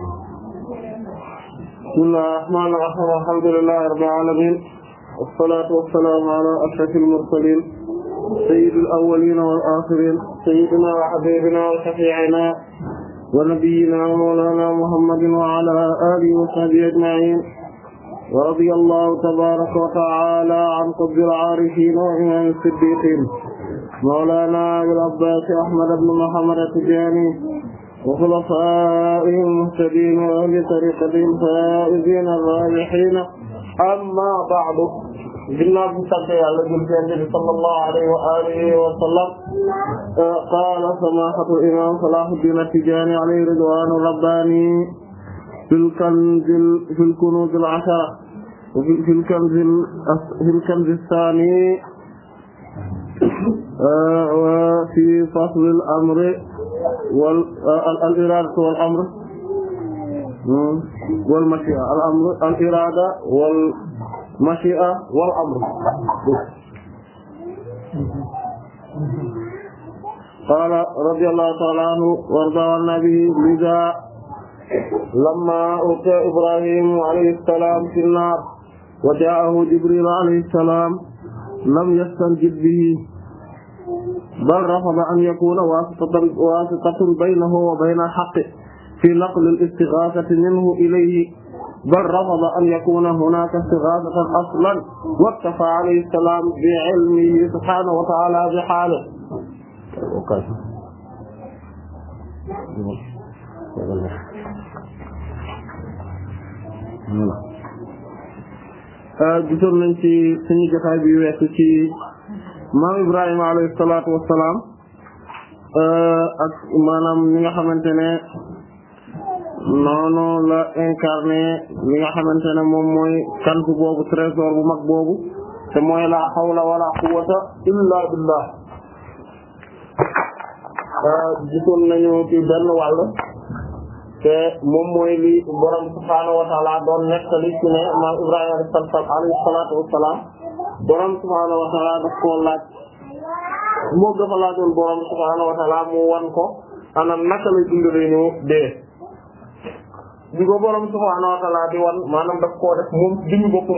bismillahir rahmanir rahim alhamdulillahi rabbil alamin wassalatu wassalamu ala ashrafil mursalin sayyidil awwalin wal akhirin sayyidina wa habibina wa shafi'ina wa nabiyyina wa mawlana muhammadin wa ala alihi wa sahbihi ajma'in ورضي الله تبارك وتعالى عن قطب العارفين وإمام الصديقين مولانا أبي العباس أحمد بن محمد التجاني وخلفائه المهتدين وأهل طريقته الفائزين الرابحين أما بعد ginnaaw bi sant yàlla jul jent bi sallallahu alayhi wa alihi wa sallam qaala samahatu imam Salahuddin At-Tijani alayhi ridwanu rabbani fil kanzil fil kunuzil ashara fil kanzil fil kanzis sani wa fi faslil amri wal uh, al iradatu wal amr hmm. wal mashia al amr al irada wal mashia wal amr qaala radiyallahu ta'ala anhu warda an nabihi liza lamma ulqiya ibrahim alayhi salam fi an-nar wa ja'ahu jibril alayhi salam lam yastanjib bihi bal rafada an yakuna wasitatan wasitatan baynahu wa bayna al-haqqi fi naqli al-istighathati minhu ilayhi bal rafada an yakuna hunaka istighathatan aslan wattafa alayhi as-salam bi ilmihi subhanahu wa ta'ala bi halihi euh, gisoon nañ ci suñu jotaay bi weesu ci maam Ibrahima alayhi salaatu wassalaam euh, ak maanaam ñi nga xamante ne noonu la incarné li nga xamante ne moom mooy kantu boobu trésor bu mag boobu te mooy la hawla wala quwwata illa billah euh, gisoon nañu ci benn wàll te moom mooy li borom subhaanahu wa taala doon nettali ci ne maam Ibrahima alayhi salaatu wassalaam borom subhaanahu wa taala daf koo laaj moom dafa borom subhaanahu wa mu wan ko ana naka lay dundalee ñu dee. di borom subhaanahu wa di wan maanaam daf koo def moom ci boppam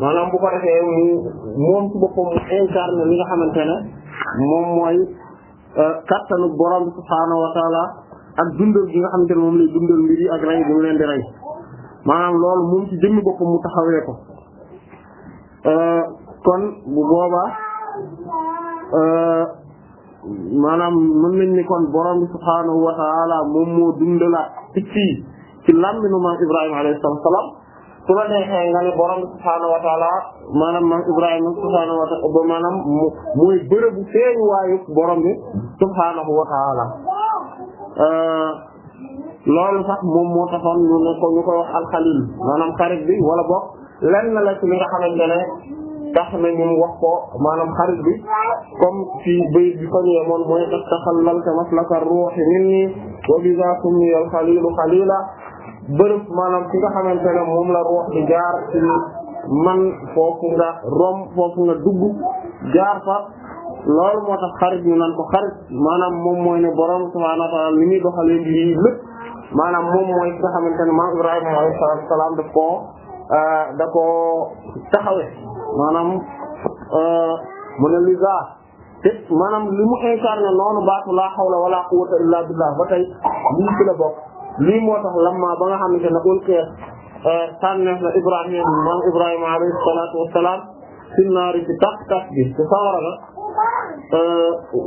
maanaam bu ko defee mu moom ci li nga xamante ne moom mooy euh, kattanu borom subhaanahu wa ak dundal gi nga xamante ne moom lay dundal mbir ak rey bi leen di rey maanaam loolu moom ci jëmmi boppam mu taxawee ko Euh, kon bu boobaa euh, maanaam mën nañ ni kon borom bi subhaanahu wa taala moom moo dundalaat picc yi subhaanahu wa taala maanaam maam Ibrahima subhaanahu wa taala ba maanaam mooy bërëbu feeñu waayu borom bi subhaanahu euh, sax moom moo taxoon bi wala bokk lenn la ci li nga xamante ne na ñun wax ko maanaam xarit bi comme ci bayit bi ko ñeemoon mooy tax taxallalta maslaka ruuxi min nii wa bisa summiya al xalilu xalila bërëb maanaam fi nga xamante ne moom la ruux di jaar ci man foofu nga rom foofu nga dugg jaar fa loolu moo tax xarit ñu nan ko xarit maanaam moom mooy ne borom subhaanahu wa ta'aala li muy doxalee lii lépp maanaam moom mooy ki nga xamante ne maam Ibrahima alayhi salaam daf koo Euh, da ko taxawe maanaam euh, mu ne li za te maanaam li mu incarné noonu baatu laa hawla wala quwwata illa billah ba tey lii ci la bokk lii moo tax lamma ba nga xamante ne ulqiya euh, tànneef na Ibrahima maam Ibrahima alayhi salaatu bi te sawara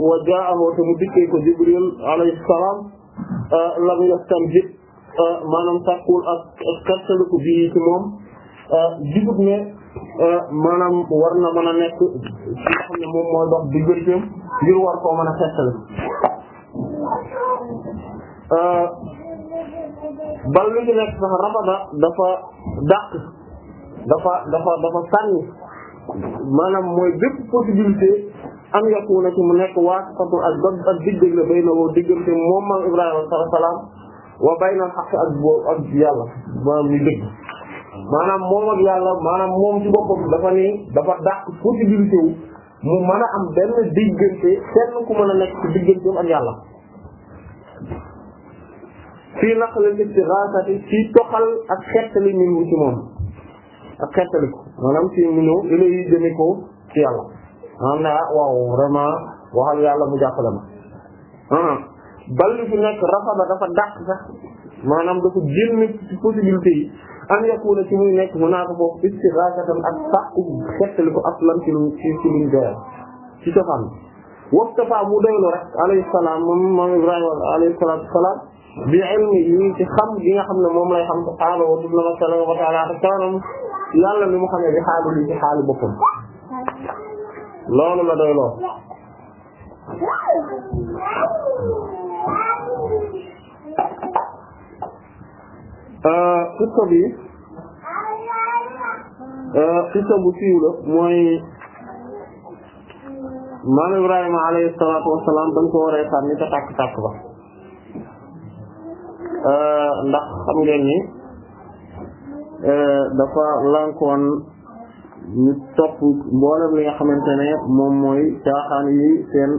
wa jaahu te mu Jibril alayhi salaam lam yastamjib maanaam sàkkul ak ak kattaliku bii ci moom Euh, gisul ne euh, maanaam war na mën a nekk li nga xam ne moom mooy dox digganteem ngir war koo mën a fekkale euh, bal li ci nekk sax rabada dafa daq dafa dafa dafa sànni maanaam mooy bépp possibilité am yàqu na ci mu nekk waasitatu ak dog ak digg la bay na woo diggante moom maam Ibrahima salaam wa bay na ak boo ak yàlla maanaam li maanaam moom ak yàlla maanaam moom ci boppam dafa ni dafa dàq possibilité mu mën a am benn diggante kenn ku mën a nekk ci digganteem ak yàlla fii naq la nit raasati ci toxal ak xettali min wu ci moom ak xettali ko maanaam ci mu ñëw ila yi jëme ko ci yàlla maanaam ne ah waaw vraiment waxal yàlla mu jàppale ma ah bal nekk rafa dafa dàq sax maanaam dafa génn ci possibilité yi an yakuna ci muy nekk hunaaka foofu istighasatan ak sàkku xettali ko aslan ci lu ci luñ doyal ci cosaan wastafa mu doylu rek alayhi salaam moom moom Ibrahima yi xam gi nga xam ne moom lay xam subhaanahu wa ta'aala ak kanam yàlla li mu xam ne di xaalu li ci xaalu boppam loolu la doyloo xissa euh, bi xissa euh, bu siiw la mooy maam Ibrahima alayhi salaatu wa salaam dañ ko waree sànni te tàkk tàkk ba euh, ndax xam ngeen ni dafa lankoon ñu topp mboolem li nga xamante ne moom mooy caaxaan yi seen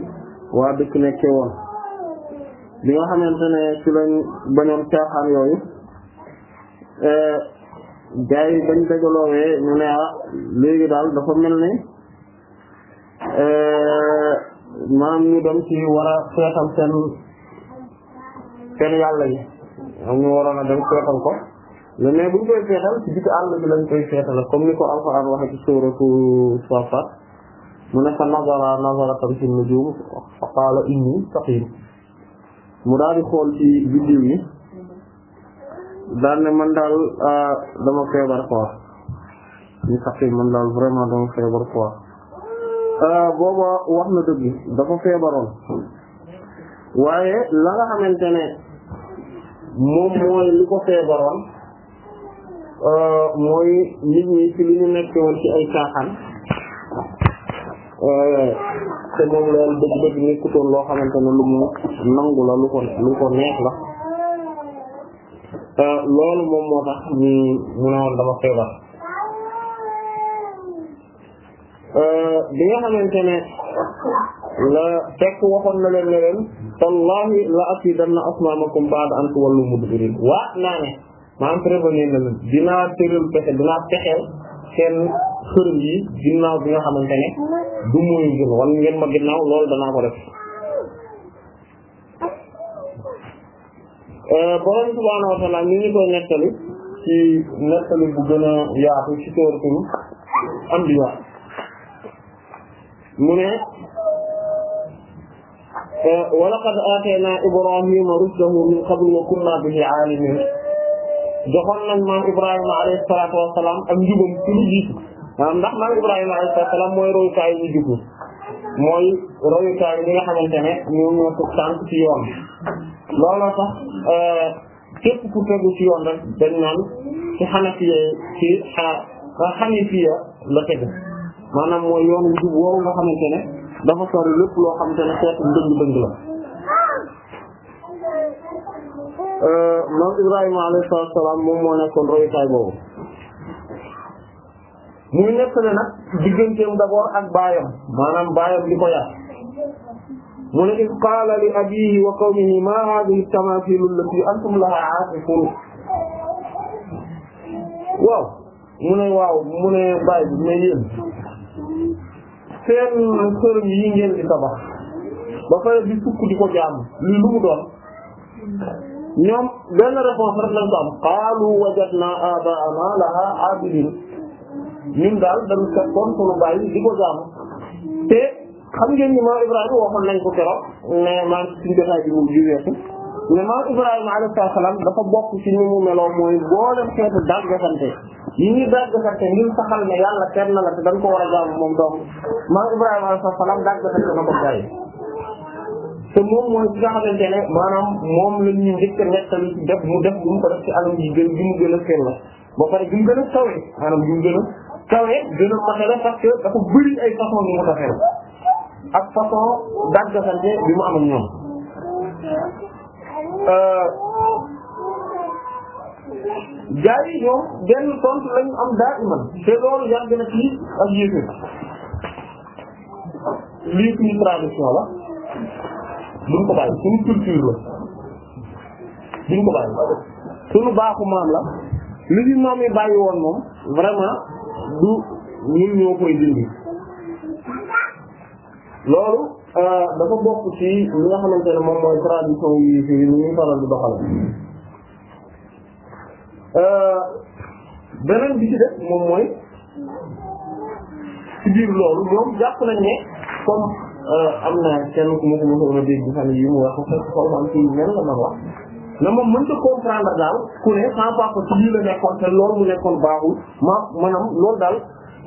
waa dëkk nekkee woon li nga xamante ne ci lañ bañoon yooyu Euh, gars yi dañ dajaloowee ñu ne ah léegi daal dafa mel ne euh, maanaam ñu dem ci war a seetal seen seen yàlla yi am ñu waroon a dem seetal ko mais bu ñu koy seetal ci biti àll bi lañ koy seetal comme ni ko Alxuraan waxe ci suuratu Saaffaat mu ne fa nazara nazaratan fi nujuum fa qaala innii saqiim mu daal di xool ci biddiw yi daal ne man daal ah, dama feebar quoi ñu sax man daal vraiment dama feebar quoi ah, booba wax na dëgg dafa feebaroon waaye la nga xamante ne moom mooy li ko feebaroon ah, mooy nit ñi ci li ñu nekk woon ci ay caaxaan te moom loolu dëgg-dëgg nekkutoon loo xamante ne lu mu nangu la lu ko neex la loolu moom moo tax ñu mu ne woon dama feebar euh, bi nga xamante ne la fekk waxoon na leen ne leen wallahi la asidanna na ba'da an tuwallu mudbirin waa naa ne maanaam prévenir na leen dinaa tëral pexe dinaa pexeel seen xërëm yi ginnaaw bi nga xamante ne du muy jël wan ngeen ma ginnaaw loolu danaa ko def Euh, borom subhaanahu wa ta'aala ni ñu koy nettali ci nettali bu gën a yaatu ci suuratul Anbiyaa mu ne euh, wa laqad aataynaa Ibraahiima rushdahu min qablu wa bihi aalimiin joxoon nañ maam alayhi salaatu wa salaam ak njubam ci jiitu ndax maam alayhi salaatu wa salaam mooy royukaay yi jublu mooy royukaay yi nga xamante ne ñoo ñoo yoon looloo tax euh, képp ku tegu ci yoon rek dañ naan ci xanafiya ci xa xanafiya la tegu maanaam mooy yoon wu jub woowu nga xamante ne dafa sori lépp loo xamante ne xeetu dëng-dëng la euh, moom Ibrahima alayhi salaatu salaam moom moo nekkoon royukaay boobu muy nekk ne nag digganteem d'abord ak baayam maanaam baayam li ko yar mu ne in qaala li abiihi wa qawmihi ma haadihi tamaathilu allati antum laha aakifuun waaw mu ne waaw mu ne baay bi mais yéen seen sëriñ yi ngeen di tabax ba pare di sukk di ko jaam lii lu mu doon ñoom benn réponse rek lañ ko am qaalu wajadnaa aabaa'anaa lahaa aabidiin ñun daal dañu fekkoon sunu baay di ko jaam te xam ngeen ni maam Ibrahima waxoon nañ ko keroog mais maa ngi suñu jotaay bi mu ji weesu mais maam Ibrahima alayhi salaam dafa bokk ci ni mu meloo mooy boolem xeetu dàggasante yi ñuy dàggasante ngir saxal ne yàlla kenn na la te dañ ko war a jaamu moom doom maam Ibrahima alayhi salaam dàggasante na ko gars yi te moom mooy ki nga xamante ne maanaam moom la ñu njëkk a nettali def mu def bu ko def ci anam yi gën bi mu a sell la ba pare bi mu gën a kawe maanaam mu gën a kawe gën a parce que dafa bëri ay ak façon dàggasante bi mu am ñoom euh, gaa yi ñoom benn tontu lañu am daa iman te loolu yàgg na ci ak yéeféer lii suñu tradition la duñ ko bàyyi suñu culture la duñ ko bàyyi suñu baaxu maam la li ñu maam yi bàyyi woon moom vraiment du ñun ñoo koy dindi loolu euh, dafa bokk ci li nga xamante ne moom mooy tradition yi fi ñuy faral di doxal euh, beneen bi ci def moom mooy ci biir loolu ñoom jàpp nañ ne comme euh, am na kenn ku ma ko mosoon a dégg fan yi mu wax xaw ma am ci mel la ma wax na moom mënta comprendre daal ku ne sans papa ci lii la nekkoon te loolu mu nekkoon baaxul ma maanaam loolu daal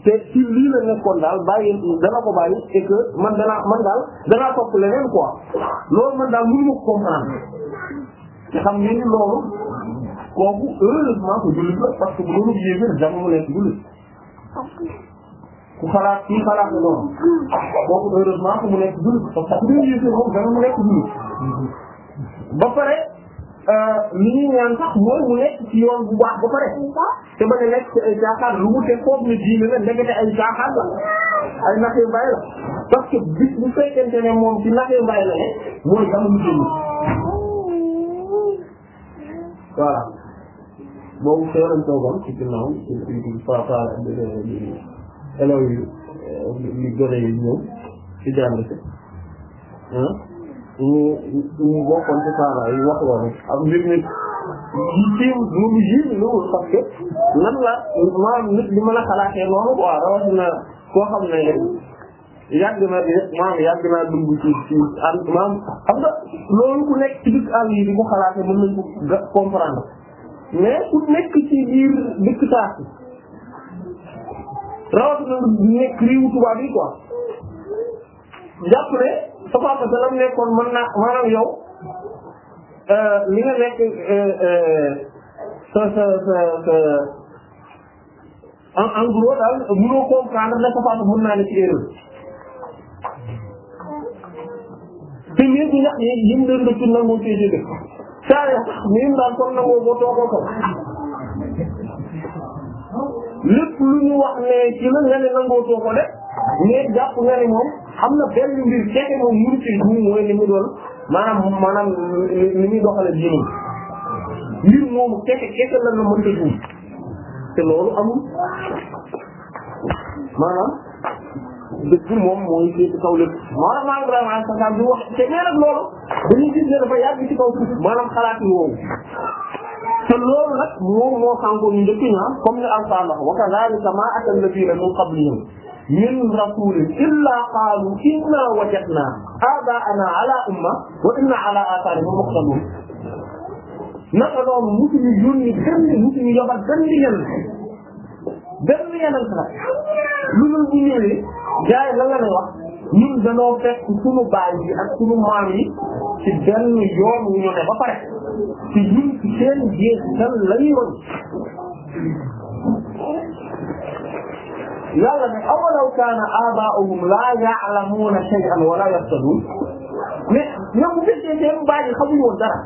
te ci lii la nekkoon daal bàyyi dana ko bàyyi et man daal danaa topp leneen quoi loolu man daal mënu ma ko comprendre te xam ngeen ni loolu kooku heureusement ko jullit la parce que bu doonu yéegéen jamais mu nekk jullit ku xalaat kii xalaat la noonu kooku heureusement ko mu nekk jullit parce que bu doonu yéegéen moom jamais mu nekk jullit ba pare li euh, ñuy ñaan sax mooy mu nekk ci yoon bu baax ba pare te ba ne nekk ci ay caaxaan lu wute foofu ne diine la ndekete ay caaxaan la ay naxe mbay la parce que bis bu fekkente ne moom ci naxe mbay la ne mooy dama mu jënd voilà boobu feerañ toogoon ci ginnaaw ci ci papa élèves yu euh, li gone yi ñëw ci jàng si ñu ñu bokkoon ci saaba yi wax loolu ak mbir mi kii mu ngi yéeme lool parce que nan la maanaam nit di mën a xalaatee noonu quoi rawatina koo xam ne yàgg na maanaam yàgg naa dund ci ci ànd maanaam xam nga loolu ku nekk ci dëkk àll yi di ko xalaatee mën nañ ko comprendre mais ku nekk ci biir dëkk saa si rawatina nekk riiwu tubaab yi quoi. jàpp ne sa papa dana nekkoon mën naa maanaam yow li euh, nga nekk euh, euh, sa sa sa sa en en gros daal mënoo comprendre ne sa papa mën naa ne ci erreur te mbir mi ñax yi yim doon dëkk nangoo cee jëlee saa yoo xam ne yim daal kon nangoo boo toogoo ko lépp lu ñu wax ne ci la nga ne nangoo too ko de mais jàpp nga ne moom. xam na benn mbir keke moom mënu ci juum mooy ni mu doon maanaam maanaam ni muy doxale diine mbir moomu keke keke lan la mën ta juum te loolu amul maanaam dëgg moom mooy ci kaw lépp maanaam maa ngi vraiment sasam bi wax te nee nag loolu dañuy gis ne dafa yàgg ci kaw suuf maanaam xalaat yi woowu te loolu nag moom moo sànkoon ñu njëkk ñaa comme ni alqaana wa kadhalika ma atal ladina min min rasulin illa qaalu inna wajadna abaana ala umma wa inna ala atharihim muqtadun naka noonu musu ñu yónni benn musu ñu yobal benn yenn benn yenn sax lu ñu bu ñëwee jaay la nga ne wax ñun danoo fekk sunu baay yi ak sunu maam yi ci benn yoon wu ñu ne ba pare ci ñun ci seen jeexital la ñu woon yàlla ne awalaw kaana abaa'uhum laa ya'lamuuna shay'an wa laa yahtadun mais ñoom bu fekkee seen baay yi xamuñu woon dara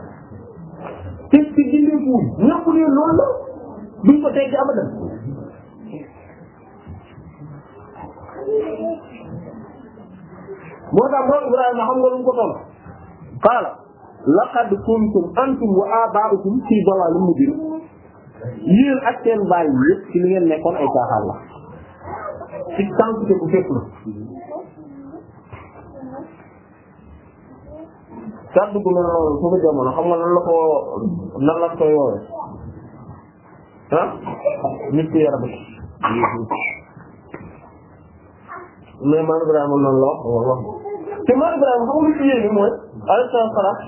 te ci gindeeku ñëpp ne loolu la duñ ko tegg abadan moo tax moom Ibrahima xam nga lu mu ko toll qaala laqad kuntum antum wa abaa'ukum fii dalaalin mubiin yéen ak seen baay yëpp ci li ngeen nekkoon ay caaxaan la ci quantité bu fépp la kàddu gu mel noonu su ko jamono xam nga nan la ko nan la koy woowe ah nit ki yaram mais Maam Ibrahima noonu la wax wax te Maam Ibrahima xam nga lu ci yéene mooy alayhi salaam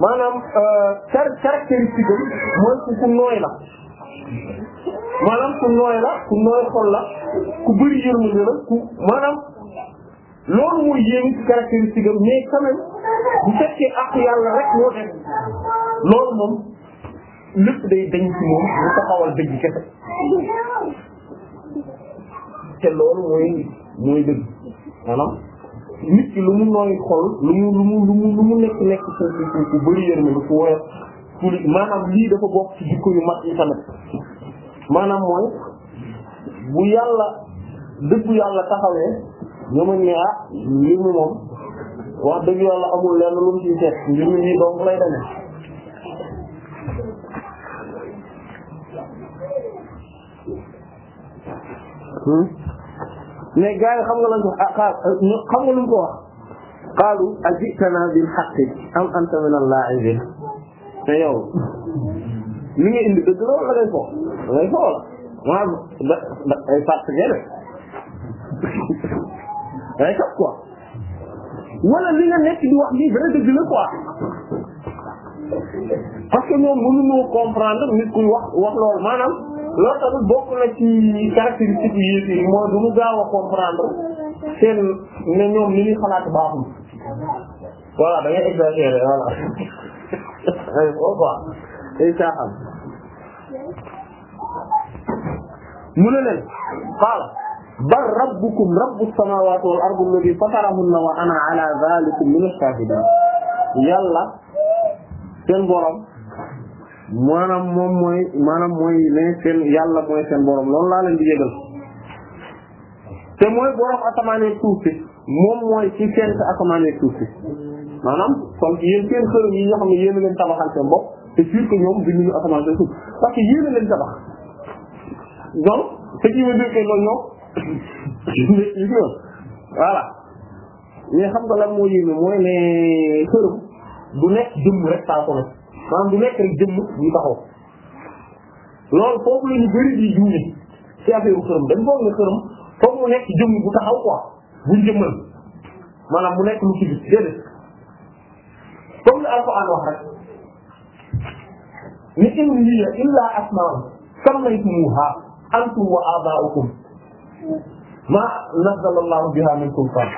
maanaam euh, caractéristique am mooy ku ku nooy la maanaam ku nooy la ku nooy xol la ku bëri yërmande la ku maanaam loolu mooy yéen ci caractéristique am mais quand même bu ak yàlla rek moo def loolu moom lépp day dañ ci moom bu taxawal dëgg kese te loolu mooy mooy dëgg maanaam nit ki lu mu nooy xol lu mu lu mu nekk nekk ku ku ku bëri yërmande ku woyof ku maanaam lii dafa bokk ci jikko yu mag yi maanaam mooy bu yàlla dëgg yàlla taxawee ñu mën ne ah wax dëgg yàlla amul leen lu mu seet mbir mi nii dong lay demee. Hmm? mais gars yi xam nga lan ko ah xam nga lu mu ko wax. qaalu ajitana bil haqqi am anta min al-laa'ibin te yow. li nga indi dëgg la wala ngay fo ngay fo wala maanaam da da ay fàtt ngay def day kat quoi wala li nga nekk di wax nii vrai dëgg la quoi parce que ñoom mënuñoo comprendre nit kuy wax wax loolu maanaam loolu tamit bokk na ci caractéristique yi yi mooy du ñu gaaw a comprendre seen ne ñoom li ñuy xalaat baaxul voilà da ngay exagérer voilà ay quoi day caaxaan mu ne leen qaala bal rabbukum rabbu samaawaati wal ardi alladhi fatarahunna wa ana ala dhalikum min ash-shahidin yàlla seen borom maanaam moom mooy maanaam mooy ne seen yàlla mooy seen borom loolu laa leen di yëgal te mooy borom asamaanee suuf si moom mooy ci seen si asamaanee suuf si maanaam kon yéen seen xërëm yi nga xam ne yéen a leen tabaxal seen bopp c'est sûr que ñoom du ñu asamaan seen suuf parce que yéen a leen tabax. donc ce qui veut dire que loolu moo yéeme mooy ne xërëm du nekk jëmm rek saa ko nekk maanaam du nekk rek jëmm ñu taxaw loolu foofu la bëri di juune ci affaire xërëm dañ foog ne xërëm foofu mu nekk jëmm bu taxaw quoi buñ jëmmal maanaam mu nekk lu ci gis déedéet comme li Alxuraan wax rek ni in hiya illa asmaa'un sammaytumuuhaa antum wa aba'ukum ma nazzalallahu biha min sultan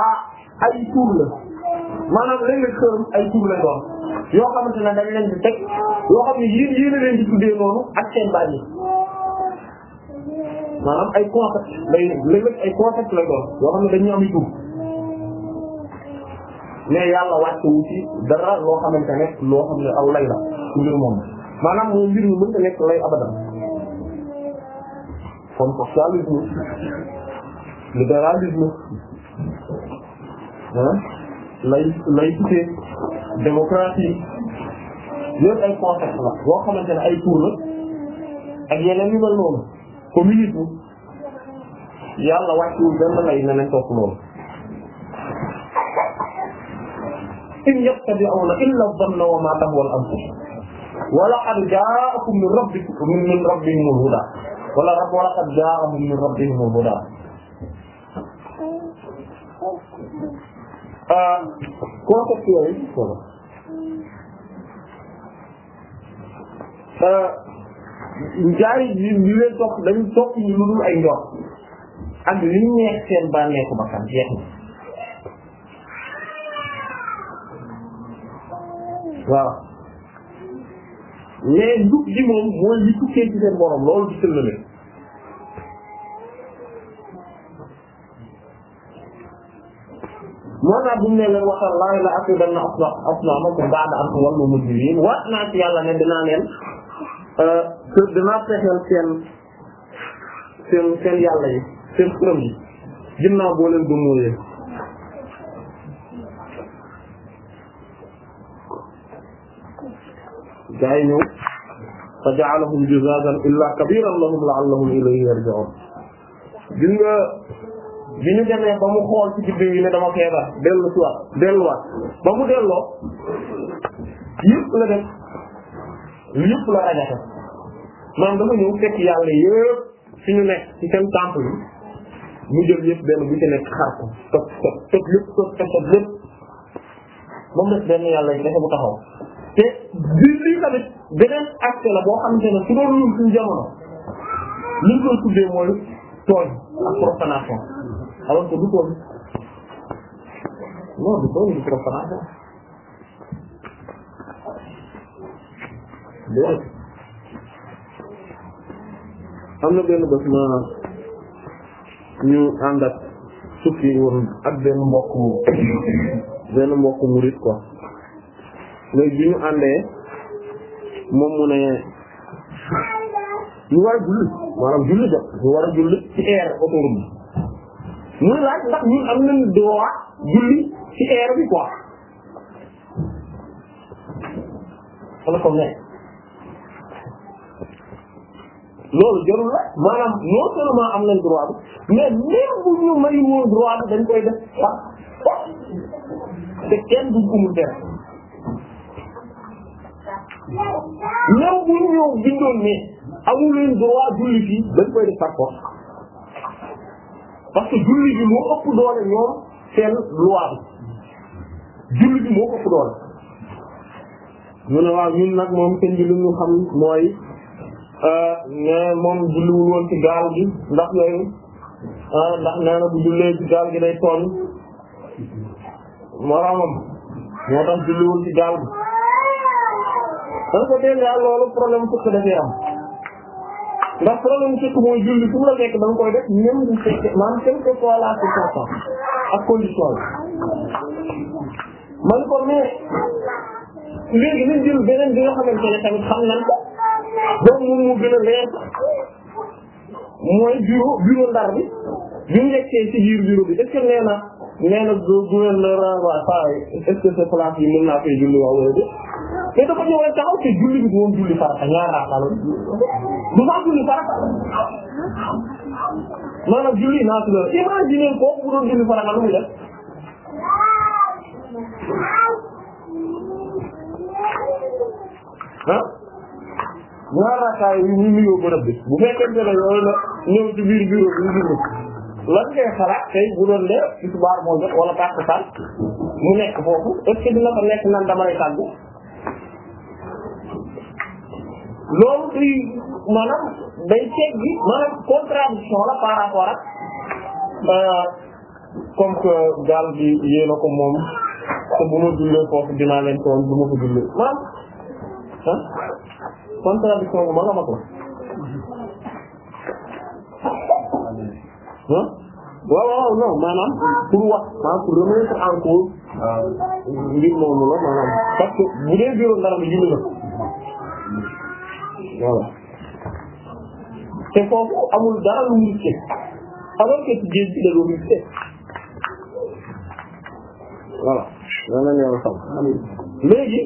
ah ay tur la maanaam léeg-léeg xëram ay tur la doon yoo xamante ne dañ leen di teg yoo xam ne yéen yéen a leen di tuddee noonu ak seen maanaam ay concept lay léeg-léeg ay concept lay doon yoo xam ne dañu am tur loo xamante ne loo xam ne aw lay la ci moom maanaam moom mbir mi mënta nekk lay abadan kon socialisme libéralisme ah lay laïcité démocratie yooyu ay concept la yoo xamante ne ay tur la ak yeneen yu mel noonu communisme yàlla wàcciwul benn lay ne nañ topp loolu in illa dhanna wa ma tahwa al-anfus wala qad jaa'akum min rabbikum min rabbihimul huda wala rabb wala qad jaa'akum min rabbihimul huda ah, concept yooyu solo ah, njaay yi ñu leen topp dañ topp ñu lu dul ay njort ak li neex seen bànneexu bakkan jeex mais njub gi moom mooy li tukkee ci seen borom loolu di sëlale moo tax bu mu ne leen waxal laa la ak danna asna asnamakum ba'da an tuwallu mudbirin waat naa ci yàlla ne dinaa leen te euh, dinaa fexeel seen seen seen yàlla yi seen xërëm yi ginnaaw boo leen gëmooyee gaa yi ñëw fa ja'alahum juzaazan illaa kabiiran lahum la'allahum ilayhi yarji'uun gis nga bi ñu demee ba mu xool ci jibbe yi ne dama feebar dellu si waat delluwaat ba mu delloo yëpp la def yëpp la rajata maanaam dafa ñëw fekk yàlla yëpp fi ñu nekk ci seen temple yi mu jël yëpp benn bu ci nekk xar ko topp topp topp yëpp topp topp lépp ba mu def benn yàlla yi dafa bu taxaw te biir lii tamit beneen aspect la boo xamante ne su doon ñun suñu jamono li ñu koy tuddee mooy tooñ ak profanation alors que du tooñ non du tooñ du profanation déedéet am na benn bés ma ñu ànd ak sukk yi woon ak benn mbokk benn mbokk murit quoi léegi bi ñu àndee moom mu ne ñu war a julli maanaam julli jot ñu war a julli ci air autoroute bi muy laaj ndax ñun am nañ droit julli ci air bi quoi xana ko ne loolu jarul la maanaam non seulement am nañ droit bi mais même bu ñu may woon droit bi dañ koy def sax te kenn du gumul ñoom bu ñu ñëw bindoon ne amul leen droit julli fii dañ koy def par force parce que julli bi moo ëpp doole ñoom seen loi bi julli bi moo ëpp doole. ñu ne waaw ñun nag moom seen bi lu ñu xam mooy euh, ne moom julliwul woon ci gaal gi ndax yooyu euh, ndax nee na bu jullee ci gaal gi day tooñ moroomam moo tax julliwul ci gaal gi. parce que déjà loolu problème fukk dafay am ndax problème fukk mooy julli fu mu la nekk da nga koy def même bu fekkee maanaam quelque soit la situation ak condition bi man ko mais léegi nañ jël beneen bi nga xamante ne tamit xam nañ ko donc moom mu gën a leer mooy bureau bureau ndar bi bi mu nekkee ci biir bureau bi est-ce que nee na nee na gouverneur waaw est-ce que sa place yi mën naa fay julli waaw wala mais dafa ñëw rek taxaw te julli bi du woon julli farata ñaar rakaa la du sax julli farata maanaam julli naa si loolu imaginer kooku bu doon julli farata lu muy def ah ñaar rakaa yi ñu nuyoo bërëb bi bu fekkente ne loolu la ñëw ci biir bureau bi ñu julli lan ngay xalaat tey bu doon dee ci subaar moo jot wala tàkkusaan mu nekk foofu est-ce que dina fa nekk nan damay tàggu loolu day maanaam day teggi maanaam contradiction la par rapport ak euh, comme que gaal gi yéena ko moom te bu ma jullee foofu dinaa leen toon bu ma ko jullee maanaam ah contradiction bu ma nga mag la ah waaw waaw non maanaam pour wax maanaam pour remettre en cause euh, ngir noonu la maanaam parce que bu dee juróom dara bi julli na voilà te foofu amul dara lu mu risqué alors que ci géej gi da doon risqué voilà loolu la ñu war a xam léegi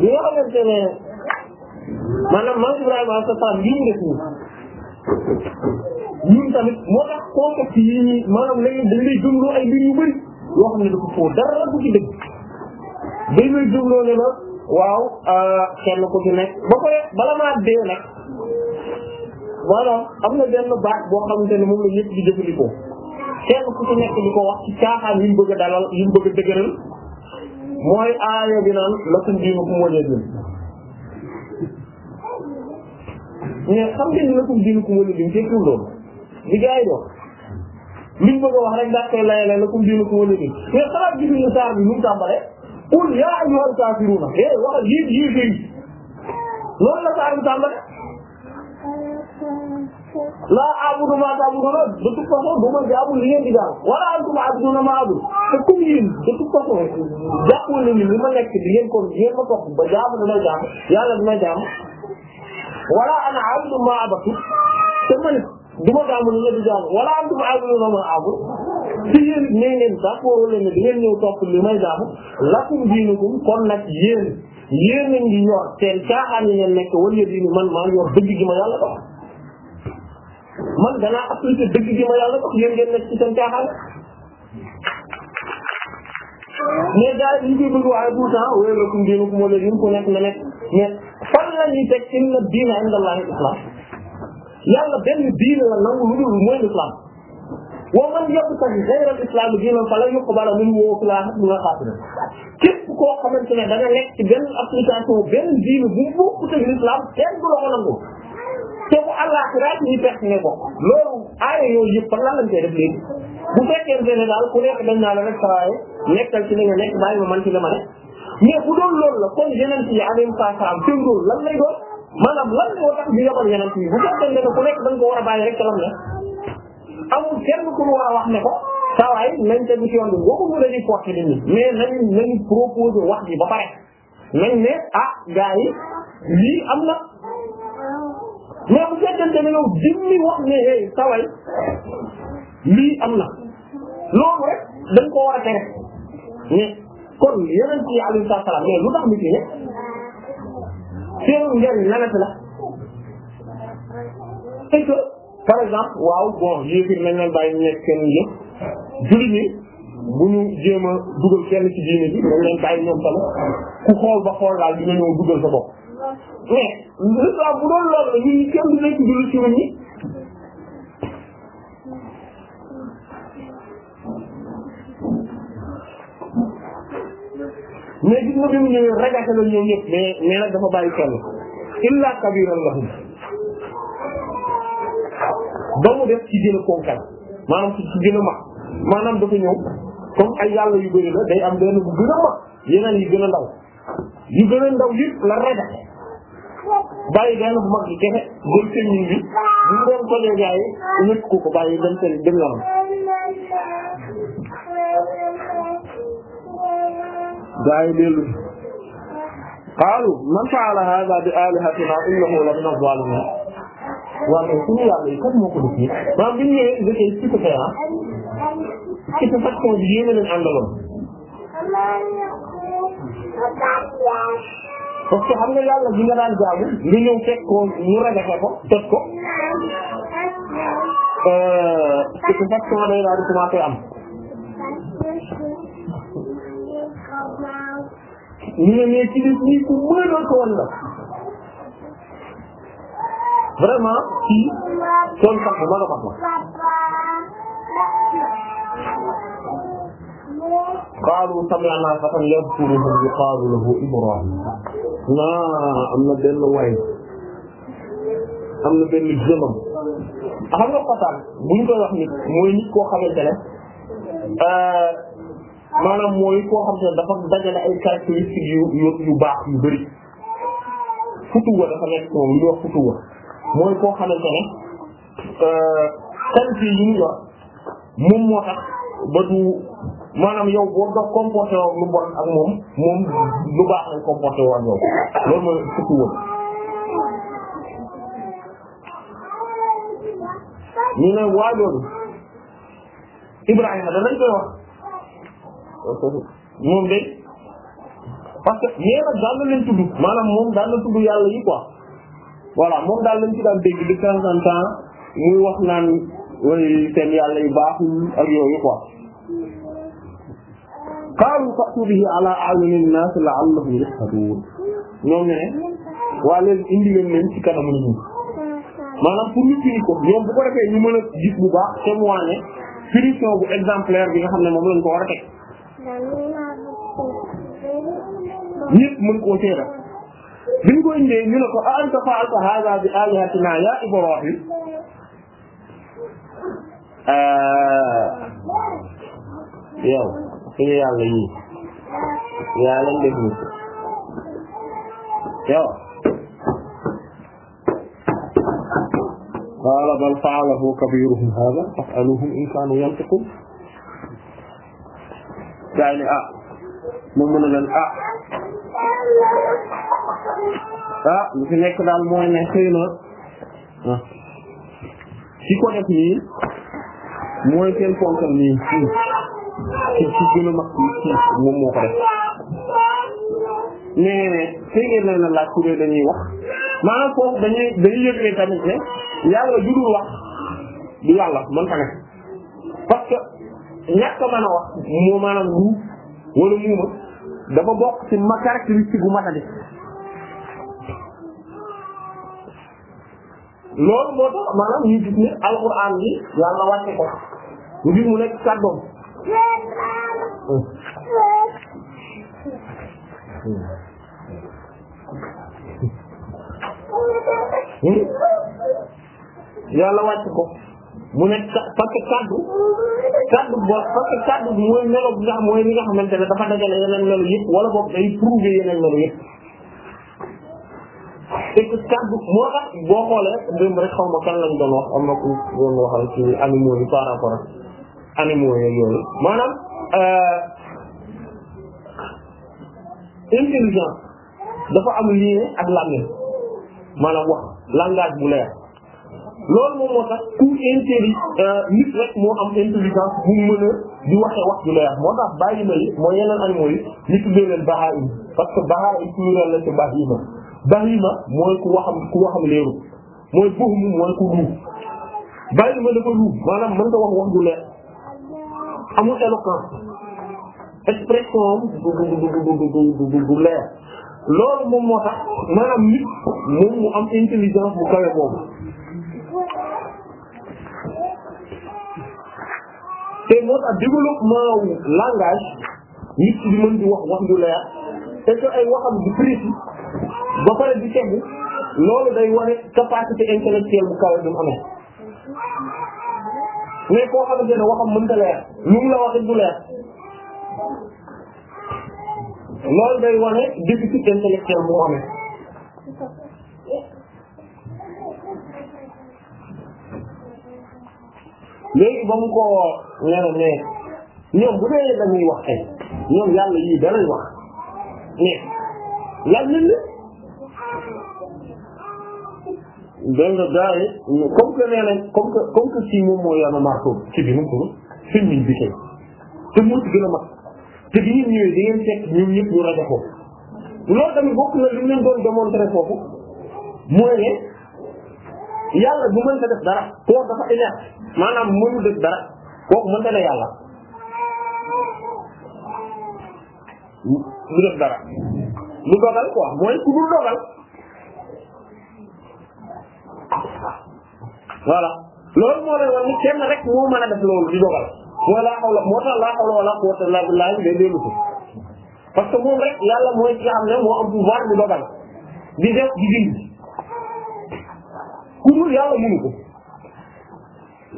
bi nga xamante ne maanaam Maam Ibrahima sa sa lii nga ñun tamit moo tax concept yi maanaam léegi dañ lay ay mbir ne dafa foo dara bu ci dëgg dañ lay jumloo waaw euh, kenn ku ci nekk ba pare bala maa dee na maanaam am na benn baat boo xamante ne moom la ñëpp di jëfandikoo kenn ku ci nekk di ko wax ci caaxaan yi mu bëgg a dalal yi mu bëgg a dëgëral mooy aaya bi naan lakum diinukum waliya diin mais xam ngeen ni lakum diinukum waliya diin tekkiwul loolu li gars yi doon liñ bëgg a wax rek daa koy layale lakum diinukum waliya diin mais xalaat bi nu mu tàmbalee qul yaa ayyuhal kaafiruuna eh wax yéen yéen yéen loolu la saa yu tàmbale. laa a'budu maa ta'buduuna de toute façon du ma jaamu li ngeen di jaamu wala antum a'buduuna maa a'budu te comme yéen de toute façon jàppoo leen ni li ma nekk di ngeen ko ngeen ma topp ba jaamu dina jaamu yàlla dina jaamu wala ana a'budu maa abadtu te man du ma jaamu la di jaamu wala antum aabiduna ma aabudu ci yéen leen ne di topp li may jaamu lakum diinukum kon nag yéen yéen yor seen caaxaan yi ngeen nekk wala diinu man maa yor dëgg gi ma yàlla dox man danaa appliquer dëgg gi ma yàlla dox yéen ngeen nekk ci seen caaxaan mais gars yi ñu koy bëgg waaye pourtant wéy lakum diinukum wala diin ku nekk na nekk mais fan la ñuy teg inna diina inda Allahi al-islam yàlla benn diine la nangu lu dul mooy l'islam wa man yabtaxi xayral islaami diinan falan yuqbala minhu wa huwa fil aaxirati minal xaasiriin képp koo xamante ne da nga nekk ci benn application benn diine bu mu bokkut ak l'islam kenn du la ko nangu te bu àllaaxiraat ñu perte ne ko loolu aaya yooyu yëpp fan lan lañ koy def léegi bu fekkee ne daal ku nekk dañ naa la rek sawaaye nekkal ci li nga nekk bàyyi ma man ci li ma ne mais bu doon loolu la kon yeneen ci yi alayhi salaam seen rôle lan lay doon maanaam lan moo tax ñu yabal yeneen yi bu fekkee ne ku nekk da nga ko war a bàyyi rek ci lam ne amul kenn ku ñu war a wax ne ko saa waay nañ tegu ci yoon bi boo ko mën a di forcer nit ñi mais nañ nañu proposé wax ji ba pare nañ ne ah gars yi lii am na mais bu fekkente ne yow dimmi wax ne hey saa lii am na loolu rek dañ ko war a tere mais kon yeneen yi alayhi salaam mais lu tax nit ñi seenu njariñ lanati la par exemple waaw bon yéefir nañ leen bàyyi ñu nekk seen njëkk jullit ñi bu ñu jéem a dugal kenn ci diine bi nañ leen bàyyi ñoom tamit ku xool ba xool daal dina ñëw dugal sa bopp mais l'islam bu doon loolu la ñun kenn du nekk jullit ci nit mais gis nga bi mu ñëwee ragaate la ñoom ñëpp mais mais nag dafa bàyyi kenn illa kabiran lahum ba mu def ci gën a konkal maanaam ci gën a mag maanaam dafa ñëw comme ay yàlla yu bëri la day am benn bu gën a mag yeneen yi gën a ndaw yu gën a ndaw yëpp la ragaate bàyyi benn bu mag bi kese gën seen bi bu mu doon ko dee gars yi ñëpp ko ko bàyyi dem seen dem yoonam gaa yi dellu qaalu man fa'ala hadha bi alihatina innahu la min az-zalimin waaye suñu yàlla yi kat moo ko def yi maanaam bi ñu ñëwee ils étaient stupéfiants stupéfaction bi yéen a leen àndaloon parce que xam nga yàlla bi nga daan jaamu nga ñëw fekk ko ñu ragaxe ko toj ko euh, stupéfaction day daal di commencé am ñu ne mais ci biir ñi ku mënoon ko woon la vraiment kii tool sax bu mag a mag la. qaalu sami'naa fatan yadhkuruhum yuqaalu lahu Ibraahiim naa am na benn waay am na benn jëmam xam nga xotaan bu ñu koy wax nit mooy nit koo xamante ne. Euh, maanaam mooy koo xam te dafa dajale ay caractéristiques yu yu yu baax yu bëri futuwa dafa nekk moom li ñuy wax futuwa mooy koo xamante ne euh, qualité yi ñu yor moom moo tax ba du maanaam yow boo doon comporté woo lu bon baax lañ comporté woo ak yow loolu mooy futuwa ne waa loolu Ibrahima danañ koy moom de parce que ñee nag daan leen tudd maanaam moom daan na tudd yàlla yi quoi voilà moom daal lañ ci daan dégg de temps en temps wax naan way seen yàlla yu baaxul ak yooyu quoi qaalu fa'tu bihi ala a'yuni nnaas la'allahum yashhaduun ñoom ne ne waa leen indi leen leen ci kanamu pour ñu firi ko ñoom bu ko defee ñu mën a gis bu baax témoigner finition bu exemplaire bi nga xam ne moom lañ ko war a ñëpp mën koo seeda bi ñu ko indee ñu ne ko a anta fa'alta hadha bi alihatina ya ibrahim yow suñu yàlla yi yaa leen def ni yow qala bal fa'alahu kabiruhum hadha fas'aluhum in kanu yantiqun gaa yi ne ah moom mën na leen ah ah nekk daal mooy ne xëy na ci ah. ko nii mooy seen ponkal nii a mag ci moom moo ko def mais ne tey ngeen leen a dañuy wax maanaam foofu dañuy dañuy yëg ne tamit ne yàlla judul wax du yàlla man tamit parce que ñàkk a mën a wax mu maanaam mu wala muuma dafa bokk ci ma caractéristique bu matadi loolu moo tax maanaam ñu gis ne alxuraan bi yàlla wàcce ko ñu gis mu nekk kàddoom hmm? Hmm? yàlla wàcce ko mu ne parce que kaddu kaddu boo parce que kaddu bi mooy melo bi nga xam mooy li ne dafa dajale yeneen melo wala boog day prouver yeneen melo yëpp et que kaddu moo tax boo xoolee démb rek xaw ma kan lañ doon wax am na ku doon maanaam euh, dafa am lien ak làmmiñ maanaam wax langage loolu moom moo tax ku intelli euh, nit rek moo am intelligence bu mën a di waxee wax ju leer moo tax bàyyi na yi mooy yeneen animaux yi ñu tuddee leen baha'im parce que baha'im pluriel la ma bahima bahima mooy ku waxam ku waxam leeru mooy buhum mooy ku duuf bahima dafa duuf maanaam mën nga wax wax ju leer amul éloquence expression du du du du du leer loolu moom moo tax maanaam nit moom mu am intelligence bu kawe boobu. te moo tax développement wu langage nit ki di mën di wax wax ju leer te que ay waxam di précis ba pare di tegu loolu day wane capacité intellectuelle bu kawe bi mu amee mais koo xamante ne waxam mënta leer lu mu la waxee du leer loolu day wane déficit intellectuel bu mu amee léegi ba mu ko nee na ne ñoom bu dee dañuy wax tey ñoom yàlla yii danañ wax mais laaj nañ la. dégg nga gars yi comme que nee nañ comme que comme que si moom moo yàlla marto ci bi nu mu tudd film bi bi tey te mu ci gën a mag te bi ñu ñëwee da ngeen fekk ñoom ñëpp ñu rajo foofu loolu tamit bokk na li ñu leen doon démontrer foofu mooy ne yàlla bu mënta def dara koo dafa inerte. maanaam mënu def dara kooku mën na ne yàlla lu def dara lu dogal quoi mooy ku dul dogal voilà loolu moo lay wax ni kenn rek moo mën a def loolu di dogal mooy laa xawla moo tax laa xawla wala quwwata illa billahi day dellu ko parce que moom rek yàlla mooy ki nga xam ne moo am pouvoir bu dogal di def di dindi ku dul yàlla mënu ko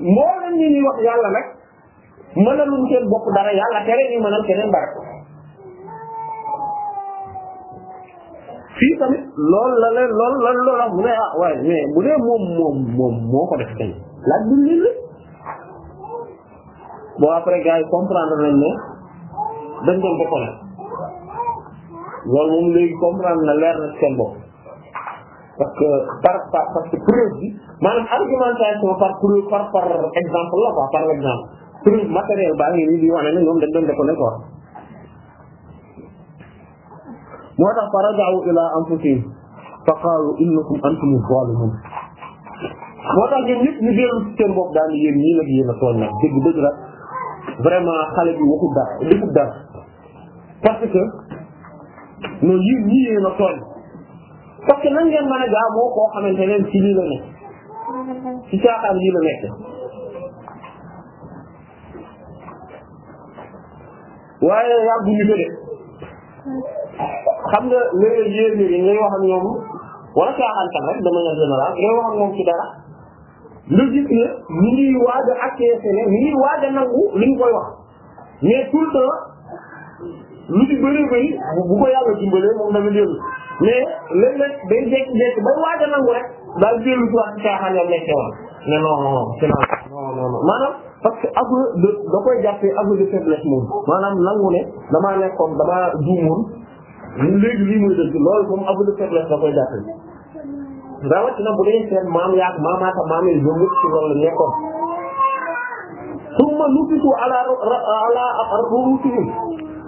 moo leen ni ñuy wax yàlla nag mënaluñ seen bopp dara dara fii la leen loolu la loolu la mu ne ah waaye mais bu dee moom moom moom moo ko def tey laaj bi lii la bon après gars yi comprendre nañ ne dañ doon ko ko loolu moom léegi comprendre na leer na seen bopp parce que par par parce que preuve bi maanaam par preuve par par exemple la quoi par exemple preuve matériel baa ngi nii di wane ne ñoom dañ doon déconné quoi. moo tax fa raja'u ilaa anfusihim fa qaalu innakum antumu zalimun moo tax ñun ñëpp ñu dellu ci seen bopp daal yéen ñii nag yéen a tooñ nag dëgg dëgg la vraiment xale bi waxul dara defut dara parce que noonu yéen ñii yéen a tooñ. parce que nan ngeen mën a jaamoo koo xamante ne ci lii la nekk ci caaxaan lii la nekk waaye yàgg ñu ko de xam nga léeg-léeg yéen yi ngay wax ak ñoom wala caaxaan tam rek de manière générale ngay wax ak moom ci dara nga gis ne ñu ngi waaj a accepté ne ñu ngi waaj a nangu li ñu koy wax mais tout le temps lu ci bëree bëri bu ko yàlla dimbalee moom mais léeg-léeg day jékki-jékki ba waaj a nangu rek daal dellu ci wax caaxaan yam nekkee woon ne non non non c'est non non non maanaam parce que aveu de da koy jàppee aveu de faiblesse moom maanaam nangu ne damaa nekkoon damaa juumoon léegi lii muy dëgg loolu moom aveu de faiblesse da koy jàppee rawatina bu dee seen maam yaak maamaata maam yi ñoom ñëpp ci loolu nekkoon summa nufiku ala ala ruusihim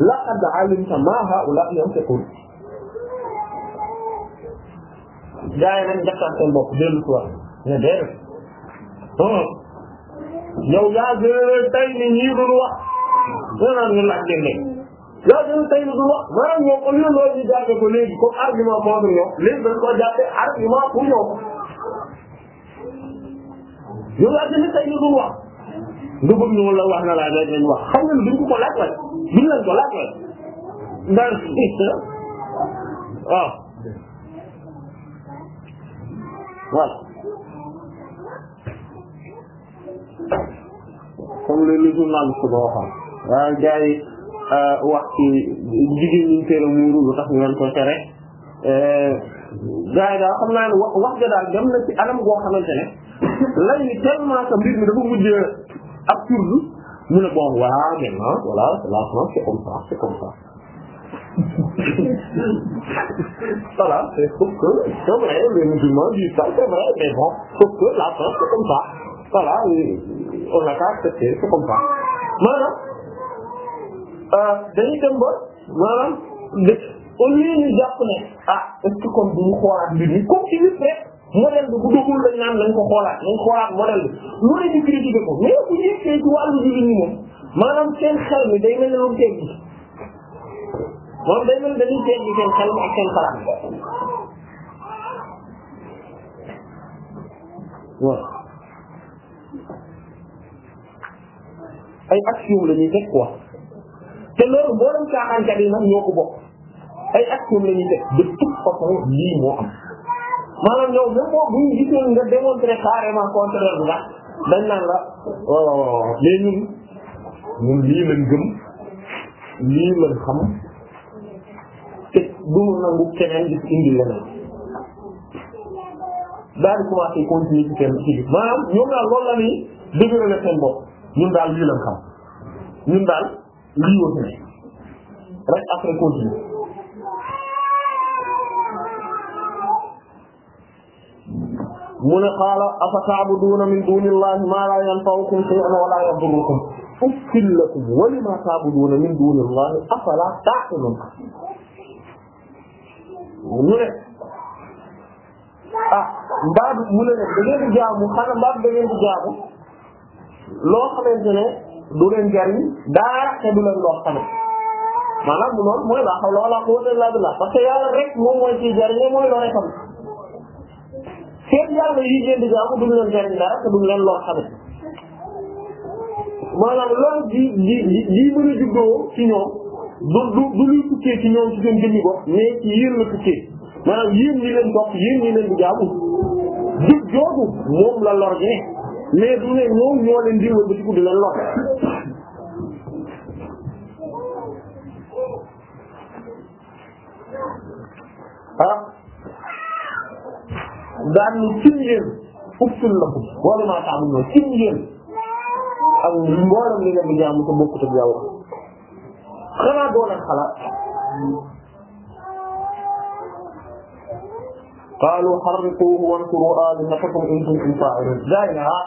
laqad alimta ma haula yanfiqun gaa yi nañ njëkkaat seen bopp dellu si waat mais déedéet yow yaa gën tey ni ñii duñ wax nee naa ñu laaj leen léegi yaa gën tey ni duñ wax maanaam ñoom au lieu loolu ñu jàppe ko léegi comme argument contre ñoom léegi dañ ko jàppe argument pour ñoom yow yaa gën tey ni duñ wax nga bëgg ñu la wax na laa laaj lañ wax xam nga ne duñ ko ko laaj laaj duñ lañ ko laaj laaj ndax waaw ah. voilà comme li yi euh, wax ci jigéen ñi teel a lu tax ñu leen ko euh, yi daal xam naa ne wax wax ja daal dem na ci anam goo xamante ne lay ni tellement que mbir mi dafa mujj absurde mu ne bon voilà maintenant voilà c'est la France c'est comme ça c'est comme ça voilà, c'est sauf que c'est vrai, les musulmans disent ça, c'est vrai, mais bon, sauf que la France c'est comme ça. Voilà, on l'a pas accepté, c'est comme ça. maanaam dañuy dem ba maanaam lépp au lieu ñu jàpp ne ah est-ce que comme duñu xoolaat mbir mi comme ci biir rek modèle bi bu dugul lañ naan lañ ko xoolaat lañ xoolaat modèle bi lu ne ñu critiqué ko mais bu ñu yëkkee ci wàllu jullit ñi moom maanaam seen xel mi day mel ne lu teggi moom day mel dañuy teel seen xel ak seen xalaat waaw ay action la ñuy teg quoi te loolu boo doon caaxaankat ay action la ñuy teg de toute lii moo am maanaam ñoom même boo bu ñu gisoon nga démontrer carrément contraire bi ndax dañ naan la waaw waaw lii lañ gëm lii lañ xam. te du mu nangu keneen gis indi leneen daal di commencé continuer ci kenn ci biir maanaam ñoom daal loolu la ni dëgërale seen bopp ñun daal lii lañ xam ñun daal lii wër ne rek après continuer mu ne qaala afa ta'buduuna min duunillahi maa laa yanfa'ukum shay'an wa laa yadurrukum uffil lakum wa limaa ta'buduuna min duunillahi afalaa ta'qiluun mu ah mbaa mu ne da ngeen di jaamu xanaa mbaa da ngeen di jaamu loo xamante ne du leen jariñ dara te du leen loo xamee maanaam bu loolu mooy laa hawla wala quwwata parce que yàlla rek moom mooy ci jariñ mooy loo xam seen yàlla yi ngeen di jaamu duñ leen jariñ dara te duñ leen loo xamee maanaam loolu di di du du du luy tukkee ci ñoom ci seen jëmmi bopp mais ci yéen la tukkee maanaam yéen ñi leen topp yéen ñi leen di jaamu jub jooju moom la lor ne mais du ne ñoom ñoo leen di wër ba ci guddi leen lor ah daan ni cin yéen uffil lakum wala maa taamu ñoo cin yéen ak mboolem li ngeen di jaamu bokkut ak yàlla xanaa doo leen xalaat qaalu harriquuhu wansuru aalihatakum in kuntum faa'iliin gaa yi ah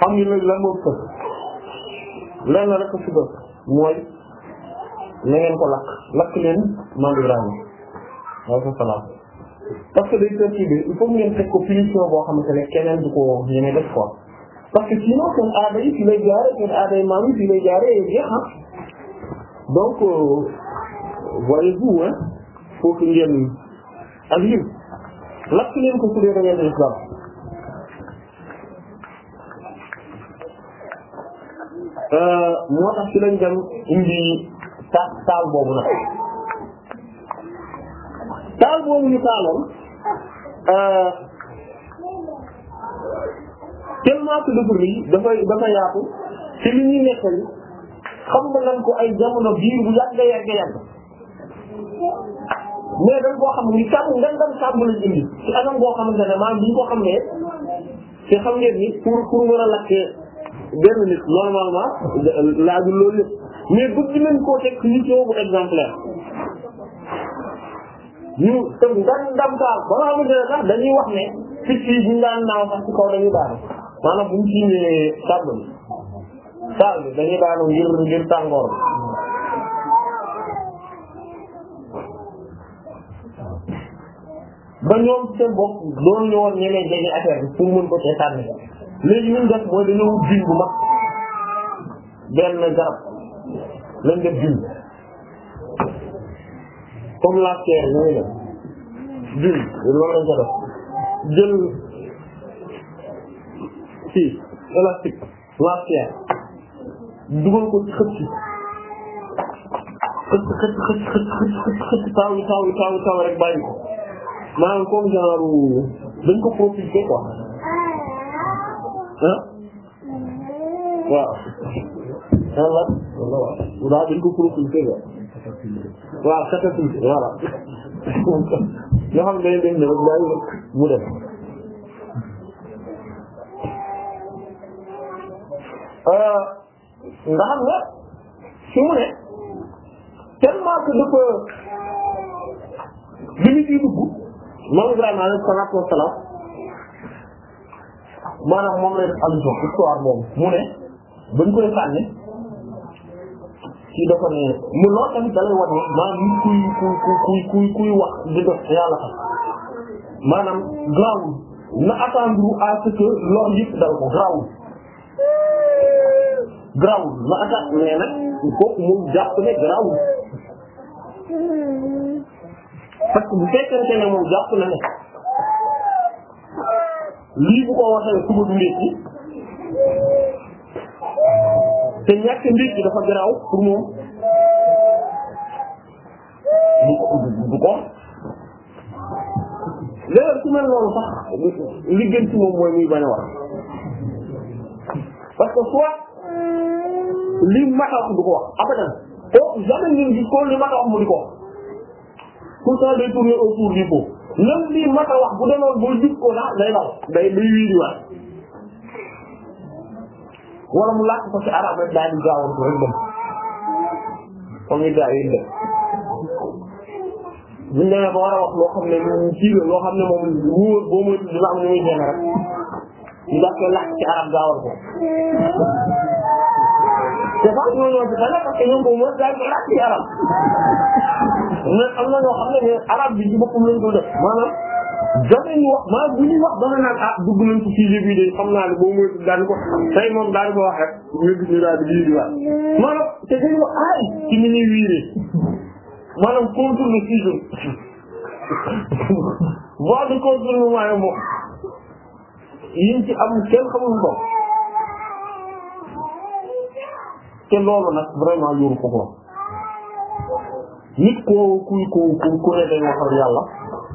xam nga léegi lan moo fës lenn rek ci def mooy na ngeen ko lakk lakk leen maam Ibrahima alayhi salaam parce que day perturbé il faut ngeen teg ko punition boo xamante ne keneen du ko ñeme def quoi parce que sinon seen aada yi fi lay jaaree seen aada yi maam yi fi lay jaaree jeex ah donc euh, voyez-vous hein foofu ngeen ak yim lakk ko su dee da ngeen di moo tax ci lañ dem indi taal taal boobu nag taal boobu ñu taaloon euh, tellement que dafa rëy dafa dafa yaatu ci li ñuy nekkali xam nga nan ko ay jamono biir bu yàgg yàgg yàgg mais dañ koo xam ni sàmm ngeen dem sàmm lañ indi ci anam boo xamante ne maanaam duñ ko xam ne te xam ngeen ni pour pour mën a lakkee benn nit normalement laajul loolu lépp mais bëgg nañ koo teg mission bu exemplaire ñu te ndan ndamtaal ba nga xamante ne sax dañuy wax ne picc yi buñ daan naaw sax ci kaw dañuy daanu maanaam sàll dañuy daanu ngir ngir tàngoor ko cee sànni léegi ñu def mooy dañoo wut jiw bu mag benn garab lañ def jiw comme la terre ñu ngi def jiw loolu lañ ko def jël si élastique la dugal ko ci xëcc xëcc xëcc xëcc xëcc xëcc taaw yi taaw yi taaw yi taaw rek bàyyi ko maanaam comme genre dañ ko profité quoi ah waaw xanaa waaw dañ ko profité quoi waaw catapulte voilà nga xam ne dañ ne rek bàyyi mu def ah. Euh, nga xam nga fi mu ne tellement que dafa bi ñu ciy dugg moom Ibrahima alayhi salaatu wa salaam maanaam moom lay def allusion histoire boobu mu ne bañ koy sànni ci dafa ne mu lool kuy wax di def yàlla tax maanaam grawul na attendre à ce que loolu yëpp dal ko grawul ma attaque mais nag kooku moom jàpp ne grawul parce que bu fekkente ne moom jàpp na ne lii bu ko waxee suba du ndékki te ñàkk ndékki dafa garaaw pour moom du ko du ko léeg su mel noonu li gën ci moom mooy muy bañ a wax parce li mat a wax du ko wax abadan ko li mat a wax mu di ko wax pourtant day tourner autour du pot même li mat a wax bu demoon boo gis ko na day daw day day wiiri wala mu làkk ko ci arab rek daal di gaawantu rek dem comme ni gars yi def buñ demee ba war a wax loo xam ne moom ne moom wóor boo moytu dina am ñu muy génn rek ñu daal koy làkk c'est pas ñoo ñoo ci tane parce que ñoom au moins daal di laaj ci arab mais am na ñoo xam ne arab bi ci boppam lañ ko def maanaam danañ wax maanaam ko ah, sujet bi de xam naa ne boo moytu daan ko tey moom daan ko wax rek nga gis ñu daal di lii di waat maanaam te dañu ko aay ci ni ñuy wiiree maanaam contourne sujet voie de contournement yi moom yiñ ci am ko te loolu nag vraiment yoru ko ko nit ko ku ne day waxal yàlla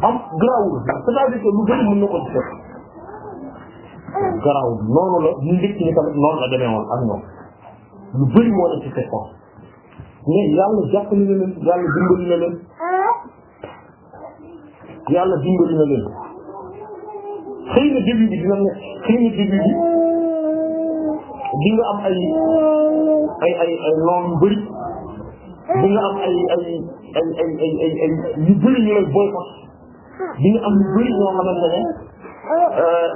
am garaawul c'est-à-dire que lu gën mën na ko ci def garaawul noonu la ñu njëkk ñi tamit noonu la demee woon ak ñoom lu bëri moo ne ci fekk ko mais yàlla jàppale na leen yàlla dimbali na leen yàlla dimbali na leen xëy na début bi dina nekk xëy na début di nga am ay ay ay ay nga am ay ay ay ay ay ay ay yu bëri ñu lay boycott am yu bëri ne euh,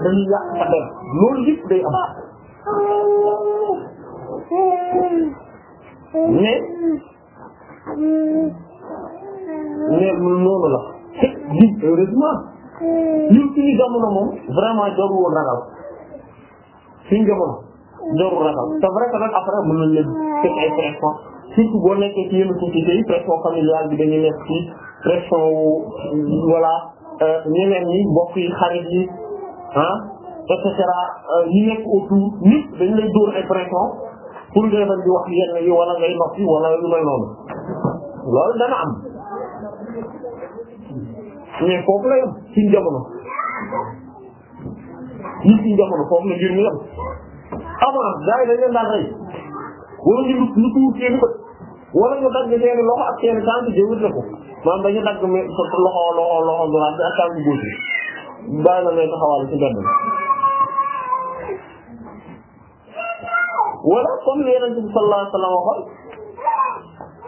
dañuy yàq sa der loolu yëpp day am mais mais la te di heureusement ñun vraiment jarul woon jarul ragal c'est vrai que nag après mën nañ leen teg ay pression surtout boo nekkee ci yenn société yi pression familiale bi dañuy nekk ci pression wu voilà euh, ñeneen ñi mbokk yi xarit yi ah et cetera euh, ñi nekk autour nit dañ lay dóor ay pression pour ngay mën di wax yenn wala ngay noppi wala lu may noonu loolu dana am mais foofu la yem suñ jamono ñi suñ jamono foofu la avant gars yi dañ daan rey wala ñu loxo ak seen tànk jëwut na ko maanaam dañu dagg mais loxo loxo loxo droite bi ak tànk gauche bi bàyyi la lay taxawal ci mbedd wala comme li Yonent bi sallallahu alayhi wa sallam waxoon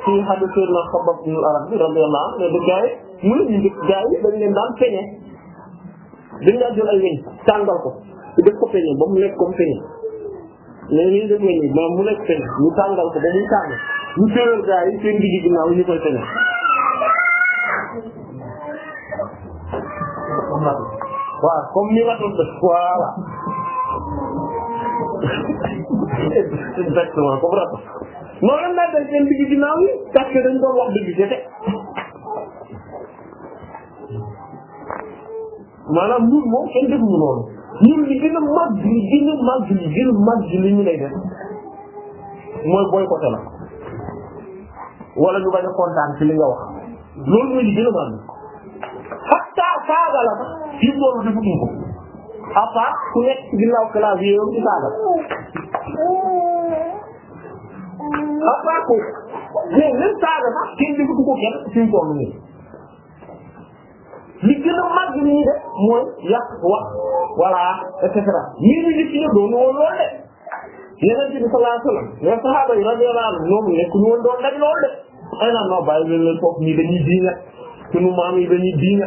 ci hadith Sayyidina Xabbaab ibn al-Arabi radiyallahu anhu ne gaa gaa yi dañ leen ko def ko ba mu nekk comme mais ñuy def nañu maam mu nekk seen ñu tàngal ko ba muy tàng ñu téeral gaa yi seen digg ginnaaw ñu koy teñe waaw comme ni ratul def voilà exactement comme ratul noonu la naa def seen digg ginnaaw yi parce que dañ doon wax dëgg kese maanaam o moom kenn def mu noonu ñun li gën a màgg li gën a màgg li gën a màgg li ñu lay def mooy boycotté la wala ñu bañ a kontaan ci li nga wax loolu mooy li gën a màgg hatta saaga la sax ci boolu defuñu ko à part ku nekk ci ginnaaw clavier yow ci saaga à part ko mais même saaga sax kenn defutu ko kenn suñu toll nii li gën a màgg li mooy yàq wax voilà et cetera ñii ñu ngi ci ne doon woon lool de yeneen ci bi sallallahu alayhi wasallam les sahaaba yi radiyallahu anhum ñoom nekk ñu woon doon daj lool de ay naan non bàyyi leen leen foofu ñii dañuy diine sunu maam yi dañuy diine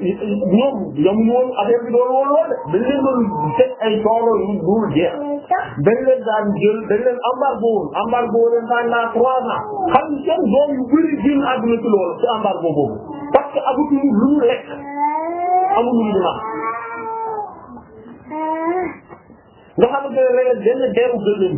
ñoom ñoom ñoom affaire bi doon woon lool de dañ leen doon teg ay coono yu dul jeex dañ leen daan jël dañ leen embargo woon embargo leen pendant trois ans xam nga seen doom yu bëri génn àdduna ci loolu ci embargo boobu parce que amatuñu lu mu lekk amuñu lu naan nga xamante ne léeg-léeg benn deewu gëléem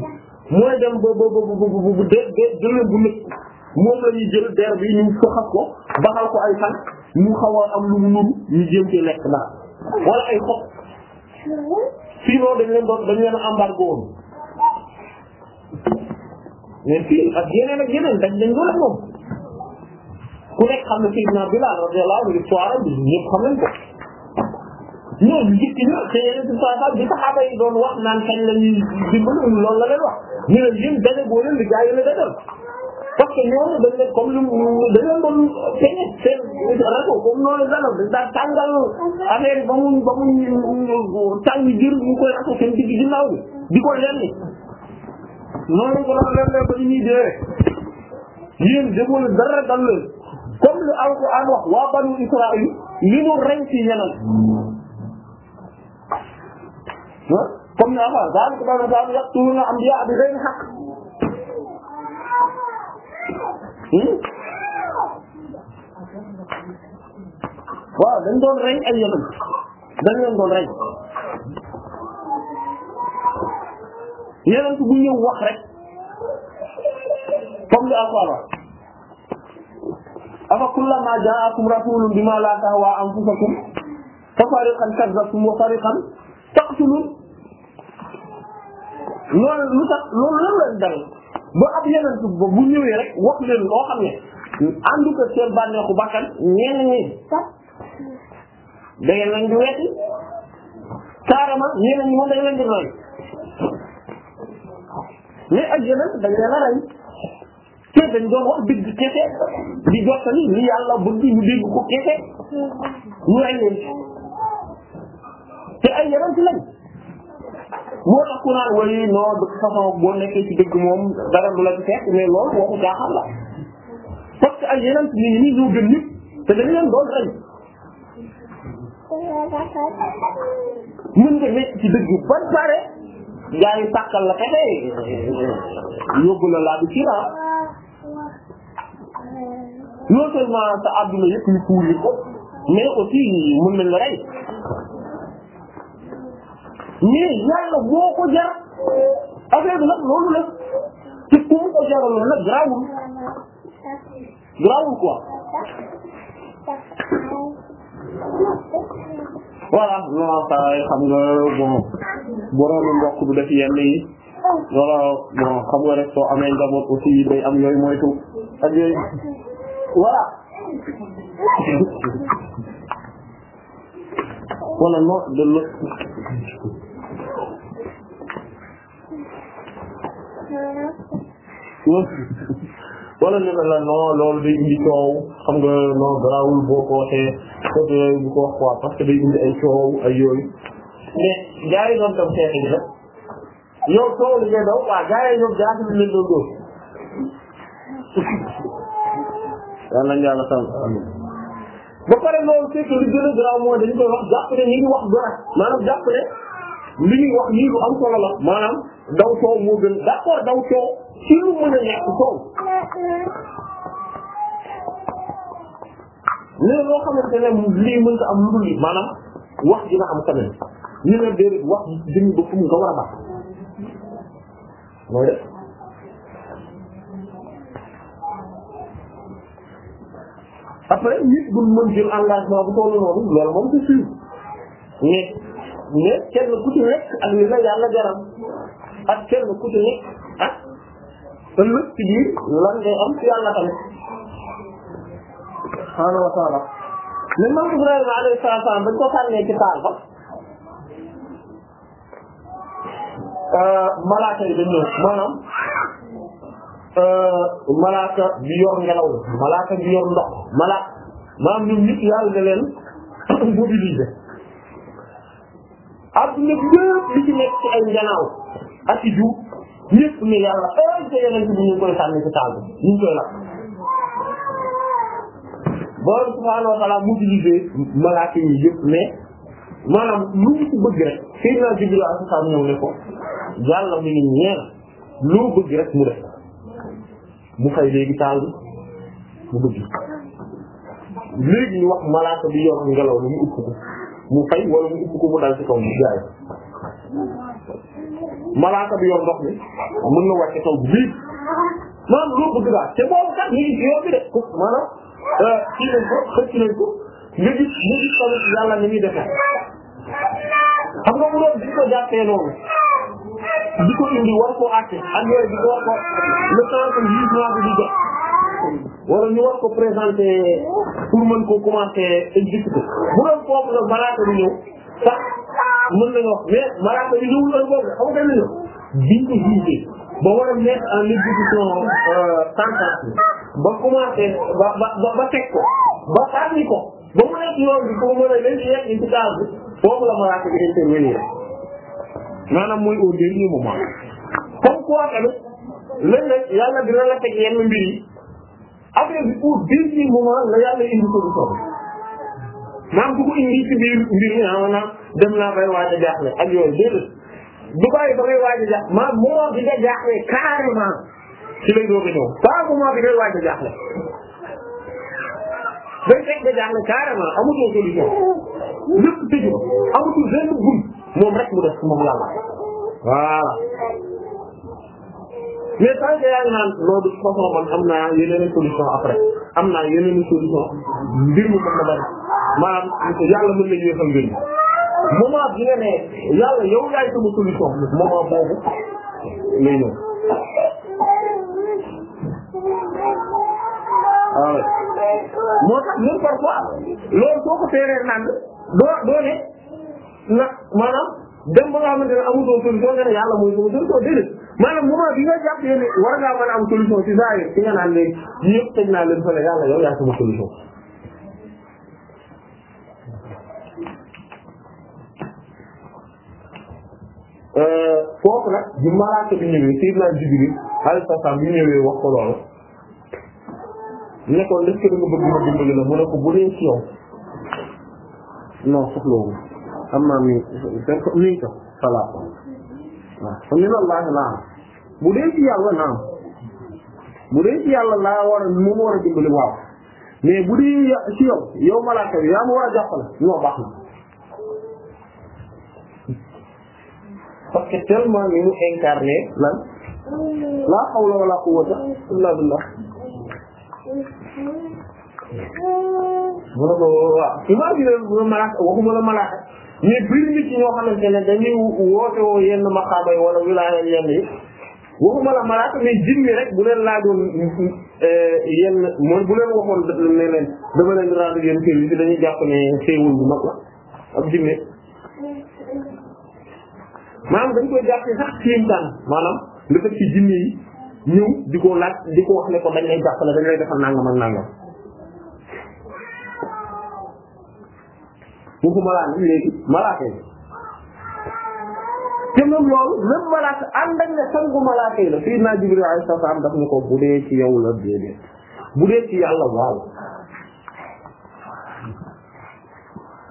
mooy dem ba ba ba ba ba ba ba ba ba ba moom la ñuy jël der bi ñu soxal ko baxal ko ay fan mu xaw a am lu mu nuru ñu jéem ci lekk ndax wala ay xob sinon dañ leen doon dañ leen a embargo woon mais fii ak yeneen ak yeneen dañ dañ doon ak nekk xam ne Sayyidina Bilaal radiyallahu bi ñëpp xam nañ ko ñooñu njëkk ña te yeneen ci saxaaba bi saxaaba yi doon wax naan kañ la ñuy dimbali loolu la leen wax ñu ne yéen daje boo leen di jaay yéen a que ñooñu dañ leen comme lu dañ leen doon peñe seen rajo comme noonu daloon dañ daan tàngal affaire ba mu ba mu tàng jër ñu koy rato seen digg ginnaaw bi di ko lenni noonu ko doon lenni ba ñu ñuy dee yéen defoo leen dara dal leen comme lu alquran wax waa banu israil li mu rey ci ñeneen comme ni Hm? waaw dañ doon rey ay yeneen dañ leen doon rey yeneen bu ñëw wax rek comme li Alxuraan wax afa kullamaa jaa'akum rasuulun bimaa laa tahwaa anfusukum fa fariqan kazzabtum wa fariqan taqtuluun loolu lu tax loolu lan lañ dal ba ab yeneen bu ñëwee rek wax leen loo xam ne àndu ko seen bànneexu bakkan ñenn ñi sax da ngeen leen di wetti carrément ñeneen ñi moom dañ di roy mais ak yeneen dañ leen a rey te dañ doon wax dëgg kese di jottali li yàlla bëgg ñu dégg ko kese ñu rey leen te ay moo tax ku naan way non de toute façon boo nekkee ci dëgg moom dara du la ci fekk mais loolu waxu jaaxal la parce que ay yeneen nit ñi ñoo gën ñëpp te dañu leen doon rey mën nga nekk ci dëgg ba pare gaa yi tàkkal la pexe yóbbu la laa bi ci ra non seulement sa àdduna yëpp yu fuur yi ko mais aussi mën nañ la mais yàlla boo ko jar affaire bi nag loolu la te ku mu ko jaraloon nag grawul grawul quoi voilà non saa xam nga bon boroomu mbokk bu def yenn yi wala bon xam nga rek soo amee njaboot aussi day am yooyu moytu ak yooyu voilà wala non de wala ñu ne la non loolu day indi coow xam nga non garaawul boo ko waxee côté ko wax quoi parce que day indi ay coow ay yooyu mais gars yi doon tam seeti la yow coow daw waaw gars yi ñoom jaasi bi leen doon dóor yàlla nañ yàlla ba pare loolu c'est que li gën a garaaw mooy dañu koy wax jàpp ne li ñuy wax nii lu am solo la maanaam daw soow moo gën d'accord daw soow ci lu mën a nekk soow mais loo xamante ne lii mën nga am lu dul maanaam wax dina am tamit ñu ne déedéet wax dëgg ba fu mu nga war mooy def après nit bu mën jël engagement bu toll noonu loolu moom c'est sûr mais mais kenn ku ci nekk ak li la yàlla jaral ak kenn ku ci nekk ak ëllëg ci biir lan ngay am ci yàlla tamit subhaanahu wa taala mais man Ibrahima alayhi salaam bañ ko sànnee ci taal ba euh, malaaka yi dañ ñëw maanaam euh, malaaka bi yor ngelaw malaaka bi yor ndox malaaka maanaam ñun ñëpp yàlla na leen mobiliser adduna bi yëpp li ci nekk ci ay njanaaw ak i jiw ñëpp ni yàlla ay te yeneen bi ñu ngi koy sànni ci taal bi ñu ngi koy lakk borom subhaanahu wa ta'ala yëpp mais maanaam lu mu ci bëgg rek Seydina Jibril alayhi salaam ñëw ne ko yàlla mi ngi ñeena loo bëgg rek mu def mu fay léegi taal bi mu bëgg léegi ñu wax malaaka bi yor ngelaw lu mu ut ko mu fay wala mu upp ko mu dal ci kaw mu jaay malaaka bi yor ndox mi mën na wàcce taw bi bii maanaam loo bëgg daal te boobu kat ñu ngi ci bi de ko maanaam kii euh, nañ ko xëcc nañ ko nga gis mu gis tamit yàlla ni muy defee xam nga mu doon di ko jàppee noonu di ko indi war ko àtte ak yooyu di ko war ko le temps que jugement bi di jot wala ñu war ko présenter pour mën ko commencer exécuter bu doon foofu la malaaka bi ñëw sax mën nañu wax mais malaaka bi ñëwul doon boobu xam nga dañu ñëw biñ ko jugé ba war a mettre en exécution sentence euh, bi ba commencer ba ba ba ko ba sànni ko ba mu nekk yoon bi pour mën a leen ci yegg ci case bi foofu la malaaka bi intervenir maanaam mooy au dernier moment comme quoi tamit léeg-léeg affaire bi au dernier moment la yàlla indi solution maanaam du ko indi ci biir mbir mi ah maanaam dem naa bay waaj a jaaxle ak yooyu déedéet du bàyyi ba ngay waaj a jaaxle maanaam moment bi nga jaaxle carrément ci lay doog a ñëw pas moment bi ngay waaj a jaaxle day fekk nga jaaxle carrément amatul solution lépp tëju ko amatul benn bunt moom rek mu def moom yàlla voilà. mais tant que yaa ngi naan non de toute façon man am naa yeneen solution après am naa yeneen solution mbir mi mën na bari maanaam yàlla mën na yéexal mbir mi moment bi nga ne yàlla yow yaay sama solution moment boobu lay ñëw. waaw ah moo tax ñun parfois loolu soo ko teeree naan doo doo ne na maanaam dem ba nga xamante ne amul solution nga ne yàlla mooy sama solution déedéet. maanaam moment bi nga jàppee ne war ngaa mën a am solution ci saa yi ci nga naan ne yëpp teg naa leen fële yàlla yow yaa sama solution. Euh, foofu nag bi malaaka bi ñëwee Seydina Jibril alayhi salaam bi ñëwee wax ko loolu ne ko est-ce que da nga bëgg ma dimbali la mu ne ko bu dee ci yow non soxlawul am naa mi mi ngi ko salaat waaw fa laa bu dee ci yàlla naam bu dee ci yàlla laa war a moom war a dimbali waaw mais bu dee ci yow yow malaaka bi yaa ma war a jàppale ñoo baax na parce que tellement ni mu incarné lan la hawla wala quwwata illa billah mu ne ko waaw imagine waxuma la malaaka mais biir nit ñi ñoo xamante ne dañuy woote woo yenn maqaama yi wala wilaaya yenn yi waxuma la malaaka mais jinni rek bu leen laajoon eh, yenn mooy bu leen waxoon ne leen dama dañuy jàpp ne xéewal bu mag la ak jinne maanaam dañ koy jàppee sax kéemtaan maanaam le fait que jinne yi ñëw di ko laaj di ko wax ne ko dañ lay jàppale dañ lay defal nangam ak nangam waxuma laa ne léegi malaaka yi te même loolu même malaaka ànd ak ne sangu malaaka yi la Sayyidina Jibril alayhi salaam daf ñu ko bu dee ci yow la bu dee ci yàlla waaw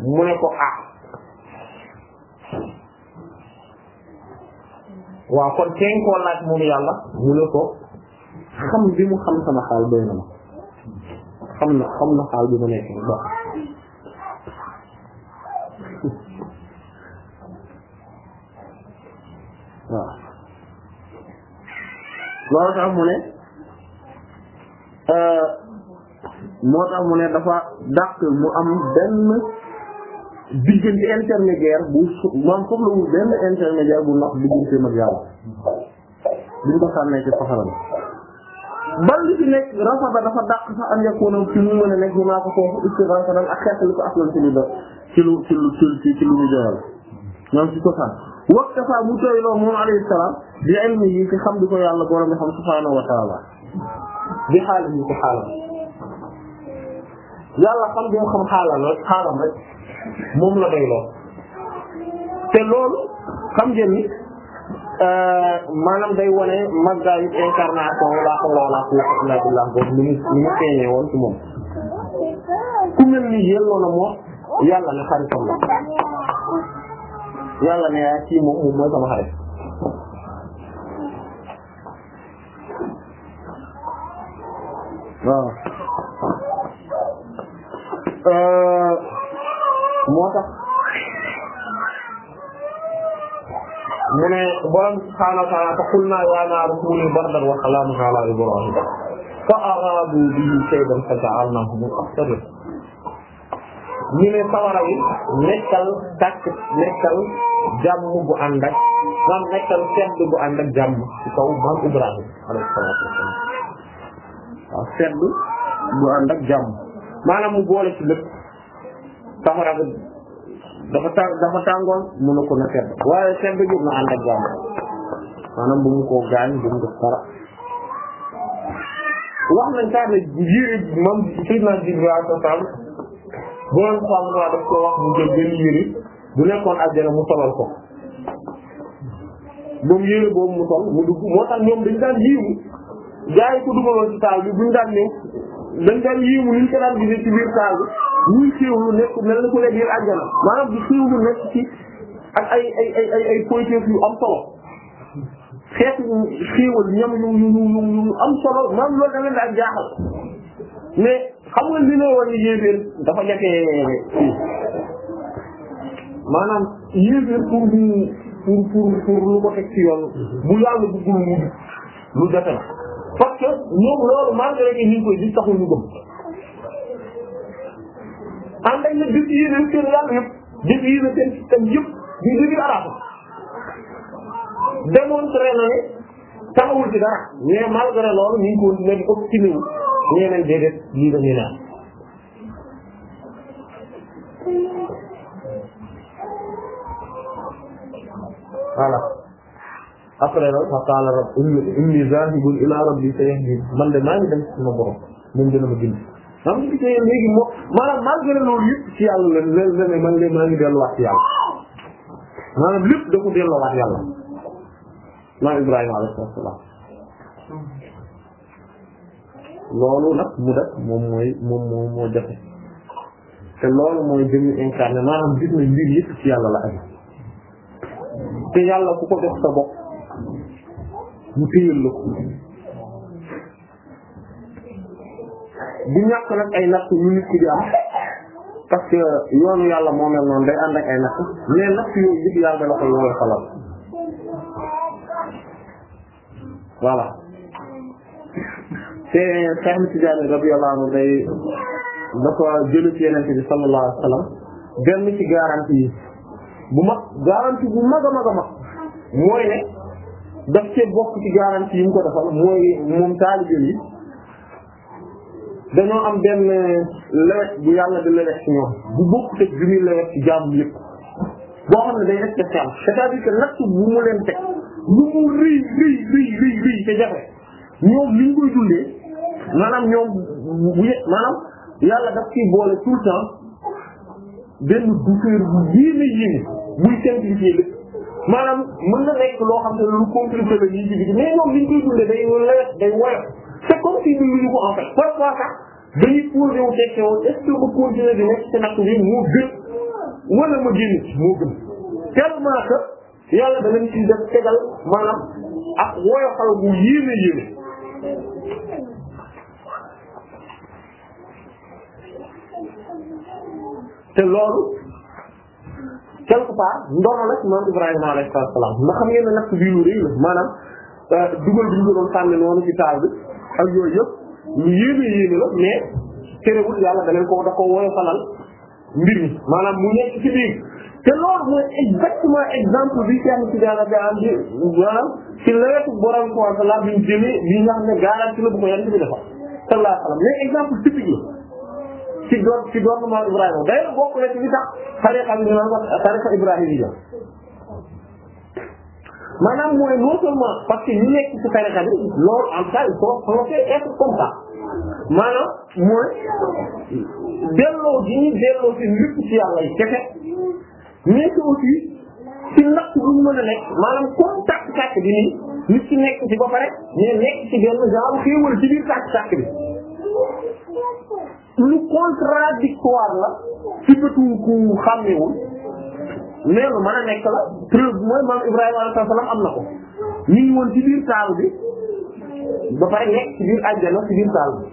mu ne ko ah waaw kon teen koo laaj moom yàlla mu ne ko xam bi mu xam sama xaal doy na ma xam na xam na xaal bi ma nekk ba waaw loolu tax mu ne euh, moo tax mu ne dafa dàq mu am benn diggante intermédiaire bu moom foog la wul benn intermédiaire bu ndax digganteem ak yàlla duñ ko sànnee ci faxaram bal li fi nekk rafa ba dafa dàq sax am yakkoonam ci mu mën a nekk ñu maa ko foofu istirafaram ak xeet li ko aslan ci lu do ci lu ci lu ci lu ñu doyal ñoom ci ko sànn waktafa mu doyloo moom alayhi salaam bi ilmi yi ci xam di ko yàlla borom bi xam subhaanahu wa taala bi xaalis yi ci xaalam yàlla xam bi mu xam xaalam rek xaalam rek moom la doyloo te loolu xam ngeen ni euh, maanaam day wane màggaayu incarnation laa hawla wa laa quwwata illaa billaah boobu ni mu ni mu feeñee woon ci moom ku mel ni yelloo na moo yàlla ne xaritam la yàlla ne yaa ah kii moom moom mooy sama xarit waaw euh, moo tax mu ne borom subhaanahu wa ta'aala fa qulnaa yaa naaru kuunii bardan wa salaaman alaa Ibraahiima fa araaduu bihi kaydan fa ja'alnaahum al-akhsariin ñu ne sawara nekkal tàkk nekkal jàmm bu ànd ak maam nekkal sedd bu ànd ak jàmm ci kaw maam Ibrahima alayhi salaatu waaw sedd bu ànd ak jàmm maanaam mu boole ci bi dafa tàng mu ne ko na sedd waaye sedd bi na ànd ak jàmm maanaam bu mu borom subhaanahu wa ta'aala daf ko wax mu nekkoon àjjana mu solal ko moom yére boobu mu sol mu dugg moo tax ñoom dañ daan yiimu gaa yi ko dugaloon ci taal bi buñu daan ñëw dañ daan yiimu ni ñu ko daan gisee ci biir taal bi ñuy siiwlu nekk mel na ku ne biir àjjana maanaam di siiwlu nekk ci ak ay ay ay ay ay poétiques yu am solo xeetu siiwal ñam yu yu yu yu am solo maanaam loolu da leen daan jaaxal mais xam nga li lay war ni yéeféer dafa jafee fii maanaam yéeféer pour mu pour pour pour lu ko teg ci yoon mhm. bu yàlla bëggul mu lu jafe la parce que loolu malgré que ñu ngi koy gis taxul ñu gëm ànd ak na def yéene seen yàlla yëpp def yéene seen système yëpp di dëgg arabe démontré na ne taxawul ci dara mais malgré loolu ñu ngi ko nekk optimé ñee leen déedéet lii la ñuy naan voilà fa qaala rab inni zaahibun ila rabbi sayahdin man de maa ngi dem ci sama borom moom dina ma gindi maa ngi gisee léegi moo maanaam malgré loolu yëpp ci yàlla la leen leen man de maa ngi delluwaat ci yàlla maanaam lépp dafa delluwaat yàlla maa Ibrahima alayhi salaam loolu nag mu def moom mooy moom moo moo jafe te loolu mooy jëmmi incarné maanaam gis na mbir yëpp ci yàlla la aju te yàlla ku ko jox sa bopp mu téyal la ko du ñàkk nag ay natt ki di am parce que yoonu yàlla moo mel noonu day ànd ak ay natt mais natt yooyu yëpp yàlla da la koy woowee xalal voilà te Cheikh Ahmed Tidiane radiyallahu anhu day dafa jël ci yeneen bi sallallahu alayhi wa bu mag garantie bu mag a mag a mooy ne daf cee bokk ci garantie yi mu ko defal mooy moom taalibe yi dañoo am benn lewet bu yàlla di lewet ci ñoom bu bokk teg bi muy lewet ci jaam yëpp boo xam ne day spécial c'est-à-dire que natt bu mu leen teg lu mu rëy rëy rëy rëy rëy te jafe ñoom li ñu koy dundee maanaam ñoom bu maanaam yàlla daf ciy boole tout le temps benn douceur bu yéeme yéeme muy simplifier lépp maanaam mën na nekk loo xam ne lu compliqué la ñuy ci mais ñoom liñ koy dundee day lewet day woyof c'est comme si ñu ñu ko en fait parfois sax dañuy posé wu question est-ce que ma continuer di nekk ci natt bi moo gën wala ma génn moo gën tellement que yàlla da leen ciy def tegal maanaam ak woyofal bu yéeme yéeme te loolu quelque part ndono la ci maam Ibrahima alayhi salaam nga xam ngeen ne natt bii lu la maanaam euh, dugal bi ñu doon sànni noonu ci taal bi ak yooyu yëpp lu yéeme yéeme la mais terewul yàlla da leen ko da ko woyofalal mbir mi maanaam mu nekk ci biir te loolu mooy exactement exemple bi ci yàlla ci daanaka bi am bi maanaam ci lewetu borom ko wàllu laa bi ñu jëmee li nga xam ne garanti la bu ko yàlla ci defal sallallahu alayhi wa sallam mais exemple typique la. ci doon ci doon maam Ibrahima d'ailleurs bokk na ci li tax tariqa bi ñu naan wax tariqa ibrahimiyya mooy non seulement parce que ñu nekk ci tariqa bi loolu en tout cas ils sont censés mooy delloo gi ñu delloo ci lépp yi kese mais que aussi ci natt bu nekk maanaam comme tàkk tàkk bi nii nit nekk ci ba pare mais nekk ci benn genre xéewal ci biir tàkk tàkk bi. lu contradictoire la surtout ku xàmmewul mais lu mën a nekk la mooy maam Ibrahima alayhi salaam am na ko ñu ngi woon ci taal bi ba pare nekk ci biir àjjana ci biir taal bi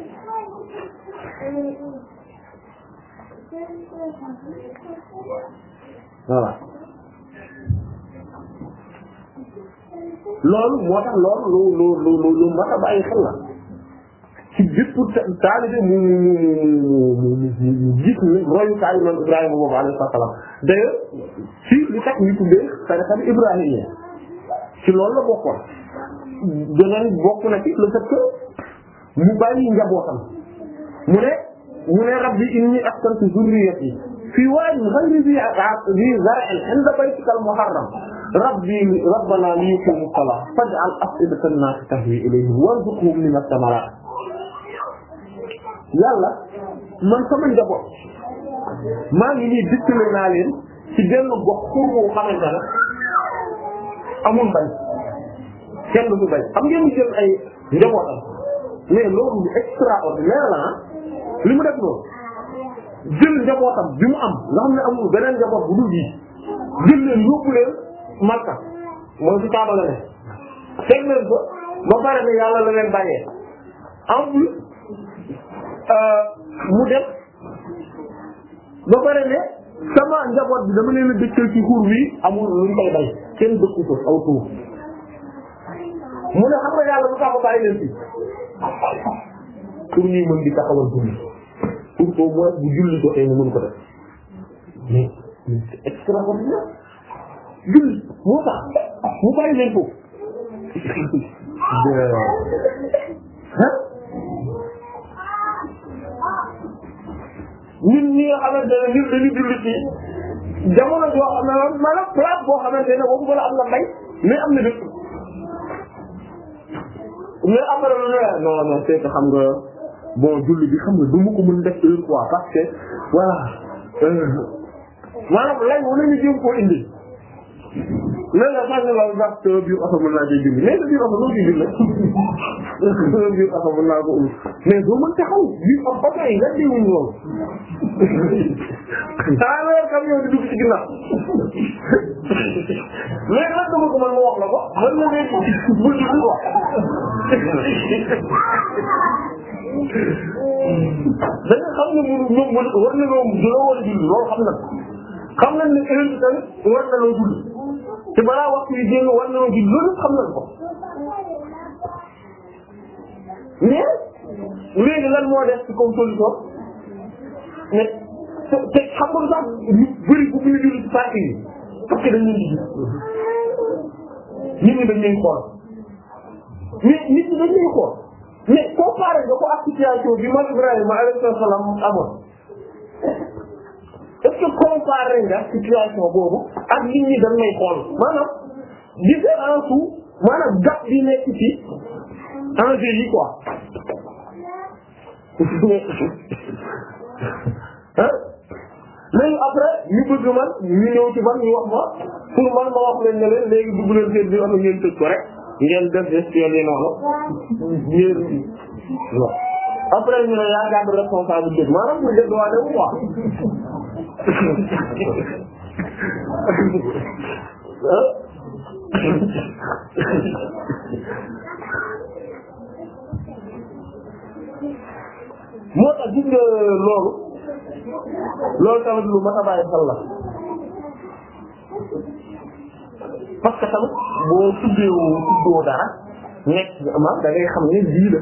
voilà loolu moo tax loolu lu lu lu lu mat a bàyyi la ngir pour taalibe mu mu mu mu gis ni royukaay yi noonu Ibrahima boobu alayhi salaam d'ailleurs si li tax ñu tuddee tarixa bi ibrahimiya ci loolu la bokkoon beneen bokk na ci le fait que mu bàyyi njabootam mu ne mu ne rabbi inni askantu zurriyati fii waadin ghayri zi zar'in 'inda baytikal muharram rabbi rabbana liyuqimu s-salata faj'al af'idatan min an-nasi tahwi ilayhim warzuqhum min ath-thamarati yàlla man sama njaboot maa ngi nii distillé naa leen ci benn gox pour mu xamante ne amul mbay kenn du bay am ngeen jël ay njabootam mais loolu lu extraordinaire la li mu def noonu jël njabootam bi mu am nga xam ne amul beneen njaboot bu dul bii jël leen yóbbu leen Makka mooy si Kaaba la ne ba ba pare ne yàlla leen bàyyee en plus Euh, mu dem ba pare ne sama njaboot bi dama leen a ci xur wi amul luñ koy bay kenn dëkku ko aw tuur mu ne xam nga yàlla bu tax ba bàyyi leen fi pour ñuy mën di taxawal julli pour au moins bu julli ko tey mu ñun ñi nga xamante ne ñun dañu jullit yi jamono joo xam ne maanaam place boo xamante ne waxuma la am na mbay mais am na dëkk mais après lu ne non non c'est xam nga bon julli bi xam nga du ma ko mën def une fois parce que lay wala ñu jéem koo indi léegi nag maa ngi laal ndax sama biir oto mën naa cee julli mais sa biir oto doo ci julli sama biir oto mën naa ko ubbi mais doo mën taxaw biir am oto yi ah, nga déglu lool. daa leer camion di dugg ci ginnaaw mais lan dama ko mën ma wax la ko mën na leen bu ñu ko wax. da nga xam ne moom war nañoo war nañoo julli loolu xam na xam nañ ne heure bi tamit war nañoo julli. te balaa waxtu yi génn war nañoo ji loolu xam nañ ko mais léegi lan moo def ci comme solution mais te xam nga lu tax lu bëri bu ñu julli ci parti yi parce que dañ leen di gis nit ñi dañ leen xool mais nit ñi dañ leen xool mais comparé nga ko ak situation bi Maam Ibrahima alayhi salaam amoon est-ce que comparé nga situation boobu ak nit ñi dañ may xool maanaam différence su maanaam gap bi nekk ci enjeu yi quoi ah léegi après ñu bëgg man ñu ñëw ci man ñu wax ma pour man ma wax leen ne leen léegi dugg leen seen biir am ngeen tëj ko rek ngeen def gestion yi noonu ngeen après ñu ne yaa gàddu responsabilité maanaam ñu def waa dem quoi moo tax gis loolu loolu tamit lu mat a bàyyi xel la parce que tamit boo tuddeewoo tuddoo dara nekk ma da ngay xam ne lii la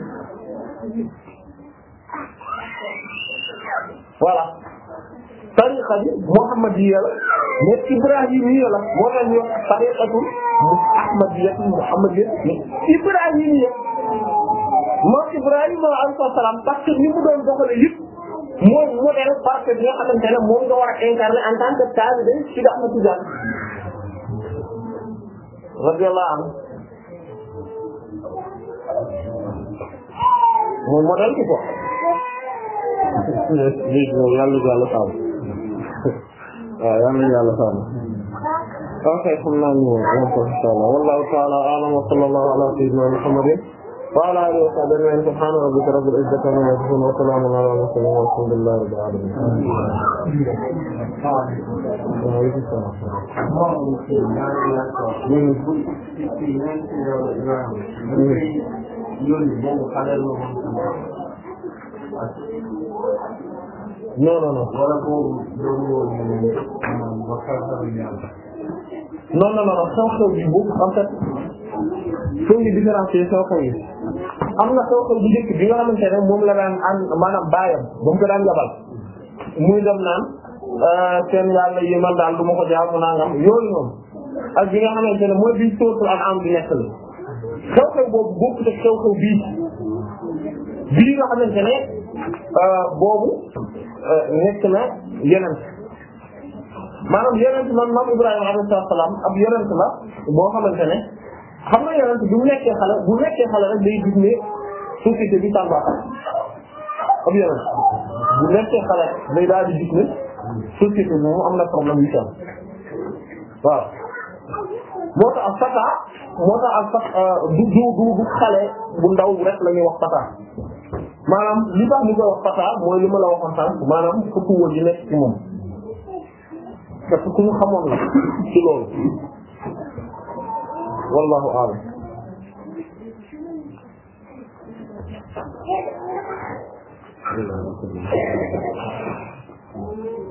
voilà tariqa bi muhammadiyya la mais ibrahimiyya la moo tax ñu wax tariqatul ahmadiyya muhammadiyya ibrahimiyya moom Ibrahima alayhi salaam parce que ni mu doon doxale yëpp mooy modèle parfait nga xamante ne moom nga war a incarner en tant que taalibe ci Cheikh Ahmed Tidiane radiyallahu anhu mooy modèle bi quoi. yàlla na waaw yal nañu yàlla sàmm ok xam naa ñu wax ko insha allah wallahu ta'ala a'lam wa sallallahu ala sayyidina muhammadin wa ala alihi wa sahbihi ajma'in subhana rabbika rabbil izzati amma yasifun wa salamun ala mursalin walhamdulillahi rabbil alamin waaleykum salaam non non non. wala boobu boobu non non non xew-xew bi boobu en fait soo ngi différencier xew-xew yi am na xew-xew bu njëkk bi nga xamante ne moom la daan ànd maanaam baayam ba mu ko daan yabal muy dem naan seen yàlla yi man daal du ma ko jaamu nangam yooyu noonu ak bi nga xamante ne mooy biñ sóotul ak ah, am bi nekk la xew-xew boobu bokkul ak xew-xew bii bii nga xamante ne boobu. Euh, nekk na yonent maanaam yonent man maam Ibrahima alayhi salaam ab yonent la boo xamante ne xam nga yonent bu nekkee xale bu nekkee xale ne société bi tàmbaata ab yonent bu nekkee xale day daal di gis am na problème yu am waaw moo tax ak fata moo tax euh, du du du xale bu ndaw rek la ñuy wax maanaam li tax ñu koy wax fasaa mooy li ma la waxoon sànq maanaam futuwa yi nekk ci moom xamoon la ci loolu wallahu